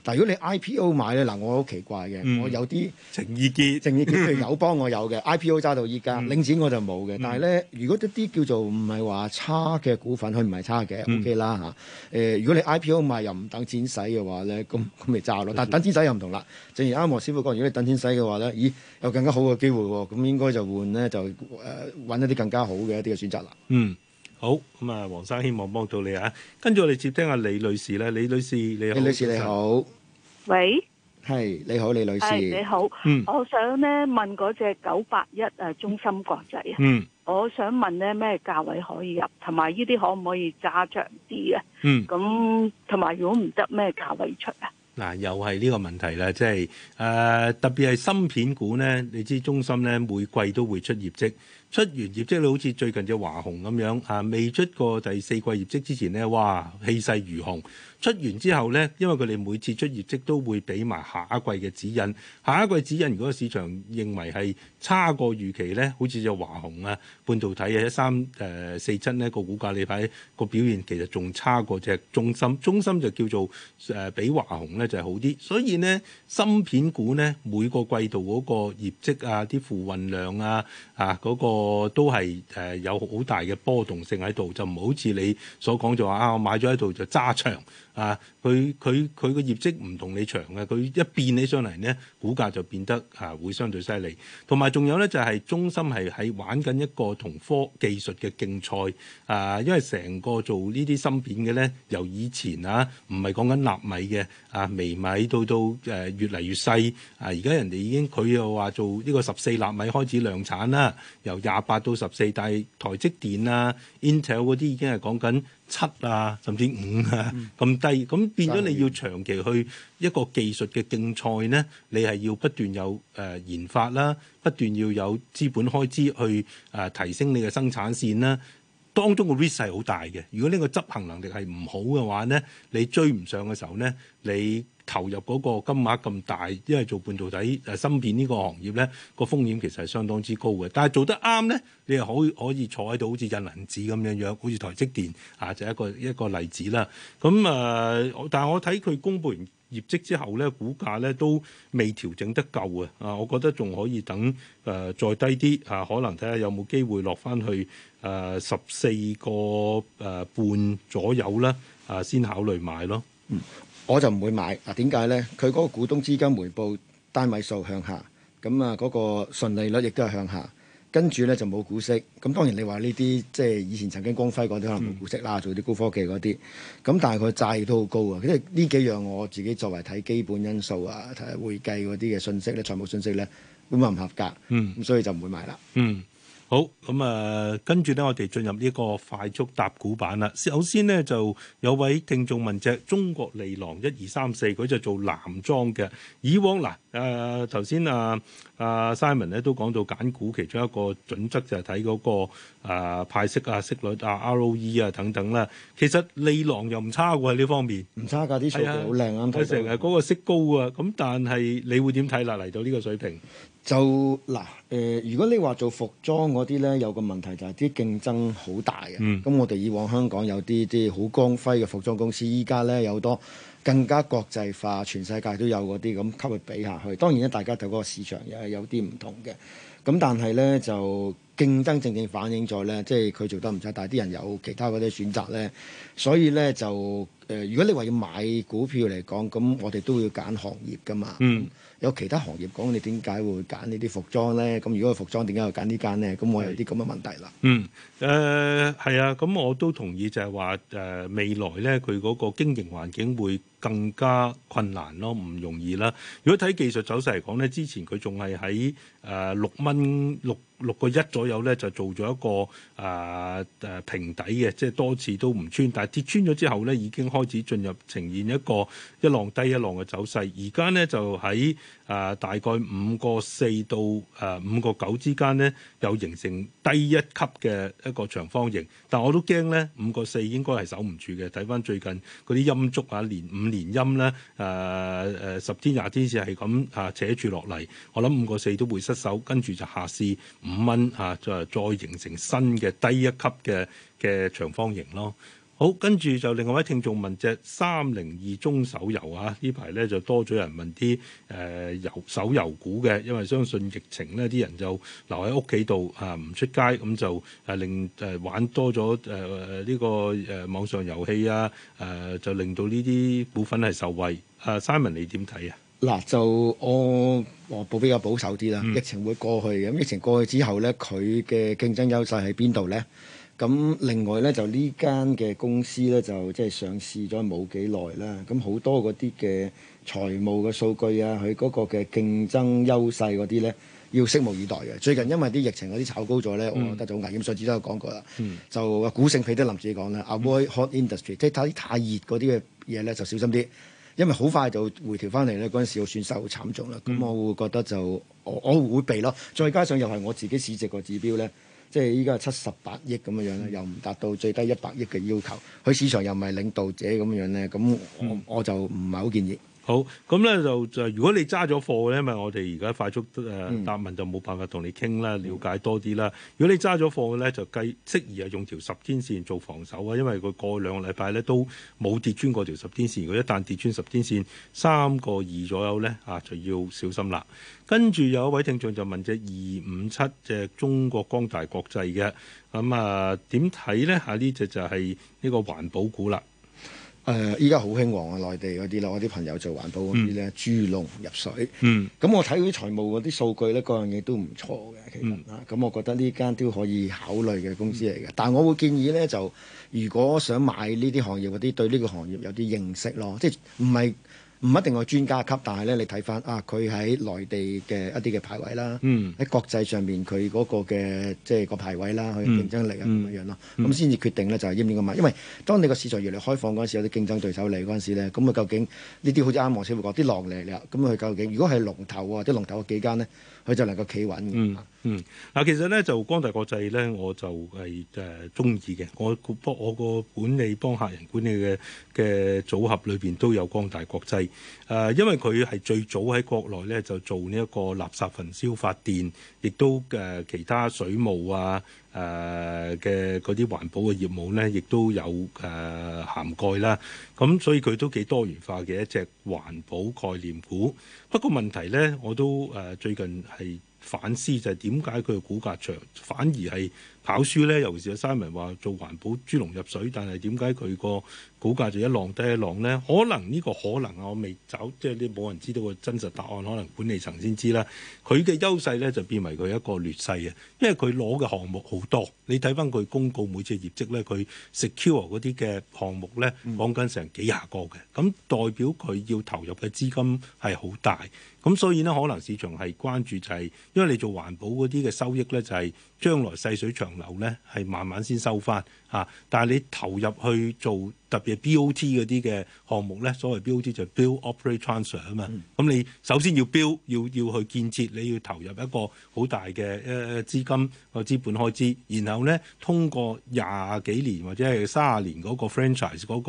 但如果你 IPO 買咧，嗱，我好奇怪嘅，嗯、我有啲情意結，情意結佢有幫我有嘅 IPO 揸到而家，領、嗯、錢我就冇嘅。嗯、但係咧，如果一啲叫做唔係話差嘅股份，佢唔係差嘅，OK 啦嚇。誒、嗯呃，如果你 IPO 買又唔等錢使嘅話咧，咁咁咪揸咯。嗯、但等錢使又唔同啦。正如啱黃師傅講，如果你等錢使嘅話咧，咦，有更加好嘅機會喎，咁應該就換咧就誒揾一啲更加好嘅一啲嘅選擇啦。嗯。好咁啊，黃生希望幫到你啊！跟住我哋接聽下李女士啦，李女士，你好。李女士你好，喂，係、hey，你好，李女士，hey，你好，嗯、我想咧問嗰隻九八一誒中芯國際啊，嗯，我想問咧咩價位可以入，同埋呢啲可唔可以揸長啲啊？嗯，咁同埋如果唔得咩價位出啊？嗱，又係呢個問題啦，即係誒、呃，特別係芯片股咧，你知中芯咧每季都會出業績。出完業績咧，好似最近隻華雄咁樣，嚇、啊，未出過第四季業績之前咧，哇，氣勢如虹。出完之後咧，因為佢哋每次出業績都會俾埋下一季嘅指引，下一季指引如果市場認為係差過預期咧，好似隻華雄啊、半導體啊、一三誒、呃、四七呢個股價你睇個表現其實仲差過隻中芯。中芯就叫做誒、呃、比華雄咧就係好啲，所以呢芯片股咧每個季度嗰個業績啊、啲付運量啊、啊嗰、那個。我都係誒，有好大嘅波動性喺度，就唔好似你所講。就話啊，我買咗喺度就揸長。啊！佢佢佢個業績唔同你長嘅，佢一變起上嚟咧，股價就變得啊會相對犀利。同埋仲有咧就係、是、中芯係喺玩緊一個同科技術嘅競賽啊！因為成個做呢啲芯片嘅咧，由以前啊唔係講緊納米嘅啊微米到到誒越嚟越細啊！而家人哋已經佢又話做呢個十四納米開始量產啦，由廿八到十四，但係台積電啊、Intel 嗰啲已經係講緊。七啊，甚至五啊咁低，咁變咗你要長期去一個技術嘅競賽咧，你係要不斷有誒研發啦，不斷要有資本開支去誒提升你嘅生產線啦。當中個 risk 係好大嘅，如果呢個執行能力係唔好嘅話咧，你追唔上嘅時候咧，你。投入嗰個金額咁大，因為做半導體誒芯片呢個行業呢個風險其實係相當之高嘅。但係做得啱呢，你又可以可以坐喺度好似印銀紙咁樣樣，好似台積電啊，就係、是、一個一個例子啦。咁、啊、誒，但係我睇佢公布完業績之後呢，股價呢都未調整得夠啊。啊，我覺得仲可以等誒、呃、再低啲啊，可能睇下有冇機會落翻去誒十四個誒、呃、半左右啦啊，先考慮買咯。嗯。我就唔會買，點解咧？佢嗰個股東資金回報單位數向下，咁啊嗰個純利率亦都係向下，跟住咧就冇股息。咁當然你話呢啲即係以前曾經光輝嗰啲可能冇股息啦，嗯、做啲高科技嗰啲，咁但係佢債都好高啊。因為呢幾樣我自己作為睇基本因素啊，睇會計嗰啲嘅信息咧，財務信息咧，咁啊唔合格，咁、嗯、所以就唔會買啦。嗯。好咁啊，跟住咧，我哋進入呢個快速搭股板啦。首先呢，就有位聽眾問隻：中國利郎一二三四，佢就做男裝嘅。以往嗱，誒頭先啊啊 Simon 咧都講到揀股其中一個準則就係睇嗰個、呃、派息啊息率啊 ROE 啊等等啦。其實利郎又唔差喎喺呢方面，唔差㗎，啲數好靚啊。係啊，嗰、啊嗯、個息高啊，咁但係你會點睇落嚟到呢個水平？就嗱，誒、呃，如果你話做服裝嗰啲咧，有個問題就係啲競爭好大嘅。咁、嗯、我哋以往香港有啲啲好光輝嘅服裝公司，依家咧有好多更加國際化，全世界都有嗰啲咁給佢比下去。當然咧，大家對嗰個市場又係有啲唔同嘅。咁但係咧就競爭正正反映咗咧，即係佢做得唔差，但係啲人有其他嗰啲選擇咧，所以咧就誒、呃，如果你話要買股票嚟講，咁我哋都要揀行業㗎嘛。嗯有其他行業講你點解會揀呢啲服裝咧？咁如果服裝點解會揀呢間咧？咁我有啲咁嘅問題啦。嗯，誒、呃、係啊，咁我都同意就係話誒未來咧，佢嗰個經營環境會。更加困難咯，唔容易啦。如果睇技術走勢嚟講咧，之前佢仲係喺誒六蚊六六個一左右咧，就做咗一個誒誒、呃、平底嘅，即係多次都唔穿。但係跌穿咗之後咧，已經開始進入呈現一個一浪低一浪嘅走勢。而家咧就喺。啊，大概五個四到誒五個九之間咧，又形成低一級嘅一個長方形。但我都驚咧，五個四應該係守唔住嘅。睇翻最近嗰啲陰燭啊，連五連陰咧，誒、啊、誒十天廿天是係咁嚇扯住落嚟。我諗五個四都會失手，跟住就下試五蚊嚇，再、啊、再形成新嘅低一級嘅嘅長方形咯。好，跟住就另外一位聽眾問隻三零二中手遊啊，呢排咧就多咗人問啲誒、呃、遊手遊股嘅，因為相信疫情呢啲人就留喺屋企度啊，唔、呃、出街，咁就誒令誒、呃、玩多咗誒呢個誒、呃、網上遊戲啊，誒、呃、就令到呢啲股份係受惠。阿、呃、Simon 你點睇啊？嗱，就我我保比較保守啲啦，嗯、疫情會過去，咁疫情過去之後咧，佢嘅競爭優勢喺邊度咧？咁另外咧就呢間嘅公司咧就即係上市咗冇幾耐啦，咁好多嗰啲嘅財務嘅數據啊，佢嗰個嘅競爭優勢嗰啲咧要拭目以待嘅。最近因為啲疫情嗰啲炒高咗咧，嗯、我覺得就危險，上次都有講過啦。嗯、就股性彼得林自己講啦，啊 Avoid hot industry，嗯、即係睇太熱嗰啲嘅嘢咧就小心啲，因為好快就回調翻嚟咧，嗰陣時會損失好慘重啦。咁、嗯、我會覺得就我我會避咯，再加上又係我自己市值個指標咧。即係依家七十八億咁樣樣咧，又唔達到最低一百億嘅要求，佢市場又唔係領導者咁樣咧，咁我我就唔係好建議。好咁咧就就如果你揸咗貨咧，因為我哋而家快速誒、呃、答問就冇辦法同你傾啦，了解多啲啦。如果你揸咗貨咧，就計適宜係用條十天線做防守啊，因為佢過兩個禮拜咧都冇跌穿過條十天線，如果一旦跌穿十天線三個二左右咧啊就要小心啦。跟住有一位聽眾就問隻二五七隻中國光大國際嘅，咁啊點睇咧？嚇呢隻就係呢個環保股啦。誒依家好興旺啊！內地嗰啲咯，我啲朋友做環保嗰啲咧，豬籠入水。嗯、。嗯，咁我睇佢財務嗰啲數據咧，各樣嘢都唔錯嘅。其實嗯，啊，咁我覺得呢間都可以考慮嘅公司嚟嘅。嗯、但係我會建議咧，就如果想買呢啲行業，嗰啲對呢個行業有啲認識咯，即係唔係。唔一定係專家級，但係咧你睇翻啊，佢喺內地嘅一啲嘅排位啦，喺、嗯、國際上面佢嗰個嘅即係個排位啦，佢、嗯、競爭力啊咁、嗯、樣樣咯，咁先至決定咧就係應唔應該買。因為當你個市場越嚟開放嗰陣時，有啲競爭對手嚟嗰陣時咧，咁啊究竟呢啲好剛剛似啱啱黃師傅講啲狼嚟啦，咁佢究竟如果係龍頭或者龍頭幾間咧，佢就能夠企穩嘅、嗯。嗯，嗱其實咧就光大國際咧，我就係誒中意嘅，我幫我個管理幫客人，人管理嘅嘅組合裏邊都有光大國際。誒，因為佢係最早喺國內咧就做呢一個垃圾焚燒發電，亦都誒、呃、其他水務啊、誒嘅嗰啲環保嘅業務咧，亦都有誒、呃、涵蓋啦。咁所以佢都幾多元化嘅一隻環保概念股。不過問題咧，我都誒、呃、最近係反思，就係點解佢嘅股價長反而係，跑輸咧，尤其是阿 Simon 話做環保豬籠入水，但係點解佢個股價就一浪低一浪咧？可能呢個可能啊，我未走，即係你冇人知道個真實答案，可能管理層先知啦。佢嘅優勢咧就變為佢一個劣勢啊，因為佢攞嘅項目好多，你睇翻佢公告每次嘅業績咧，佢 Secure 嗰啲嘅項目咧，講緊成幾廿個嘅，咁代表佢要投入嘅資金係好大，咁所以呢，可能市場係關注就係、是、因為你做環保嗰啲嘅收益咧就係、是。將來細水長流咧，係慢慢先收翻嚇、啊。但係你投入去做特別 BOT 嗰啲嘅項目咧，所謂 BOT 就係 build-operate-transfer 啊嘛。咁、嗯、你首先要 build，要要去建設，你要投入一個好大嘅誒、呃、資金個資本開支，然後咧通過廿幾年或者係三十年嗰個 franchise 嗰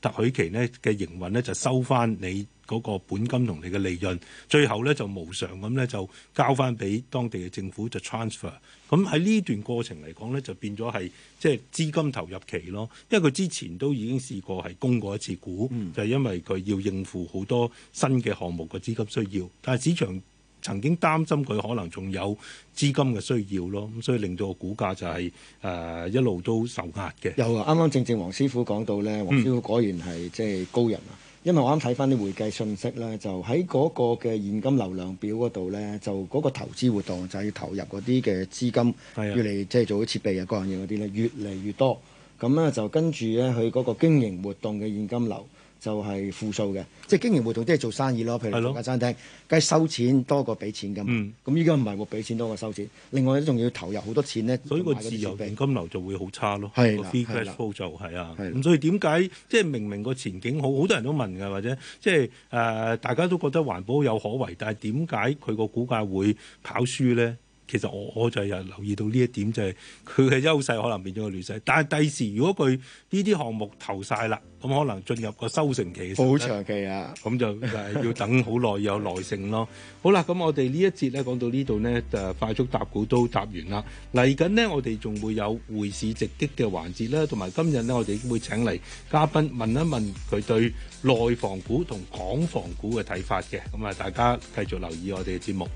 個特許期咧嘅營運咧就收翻你。嗰個本金同你嘅利潤，最後咧就無償咁咧就交翻俾當地嘅政府就 transfer。咁喺呢段過程嚟講咧，就變咗係即係資金投入期咯。因為佢之前都已經試過係供過一次股，嗯、就係因為佢要應付好多新嘅項目嘅資金需要。但係市場曾經擔心佢可能仲有資金嘅需要咯，咁所以令到個股價就係、是、誒、呃、一路都受壓嘅。有啊，啱啱正正黃師傅講到咧，黃師傅果然係即係高人啊！嗯因為我啱睇翻啲會計信息咧，就喺嗰個嘅現金流量表嗰度咧，就嗰個投資活動就係要投入嗰啲嘅資金，是的 越嚟即係做好設備啊、各樣嘢嗰啲咧，越嚟越多，咁咧就跟住咧佢嗰個經營活動嘅現金流。就係負數嘅，即係經營活動即係做生意咯。譬如做間餐廳，梗係是的 收錢多過俾錢噶嘛。咁依家唔係會俾錢多過收錢，另外都仲要投入好多錢咧。所以個自由現金流就會好差咯。係啦是的，係啦。就係啊。咁所以點解即係明明個前景好好多人都問㗎，或者即係誒、呃、大家都覺得環保有可為，但係點解佢個股價會跑輸咧？其實我我就係留意到呢一點，就係佢嘅優勢可能變咗個劣勢。但係第時，如果佢呢啲項目投晒啦，咁可能進入個收成期嘅時候，好長期啊！咁就係要等好耐， 有耐性咯。好啦，咁我哋呢一節咧講到呢度呢，就快速答股都答完啦。嚟緊呢，我哋仲會有匯市直擊嘅環節啦，同埋今日呢，我哋會請嚟嘉賓問一問佢對內房股同港房股嘅睇法嘅。咁啊，大家繼續留意我哋嘅節目。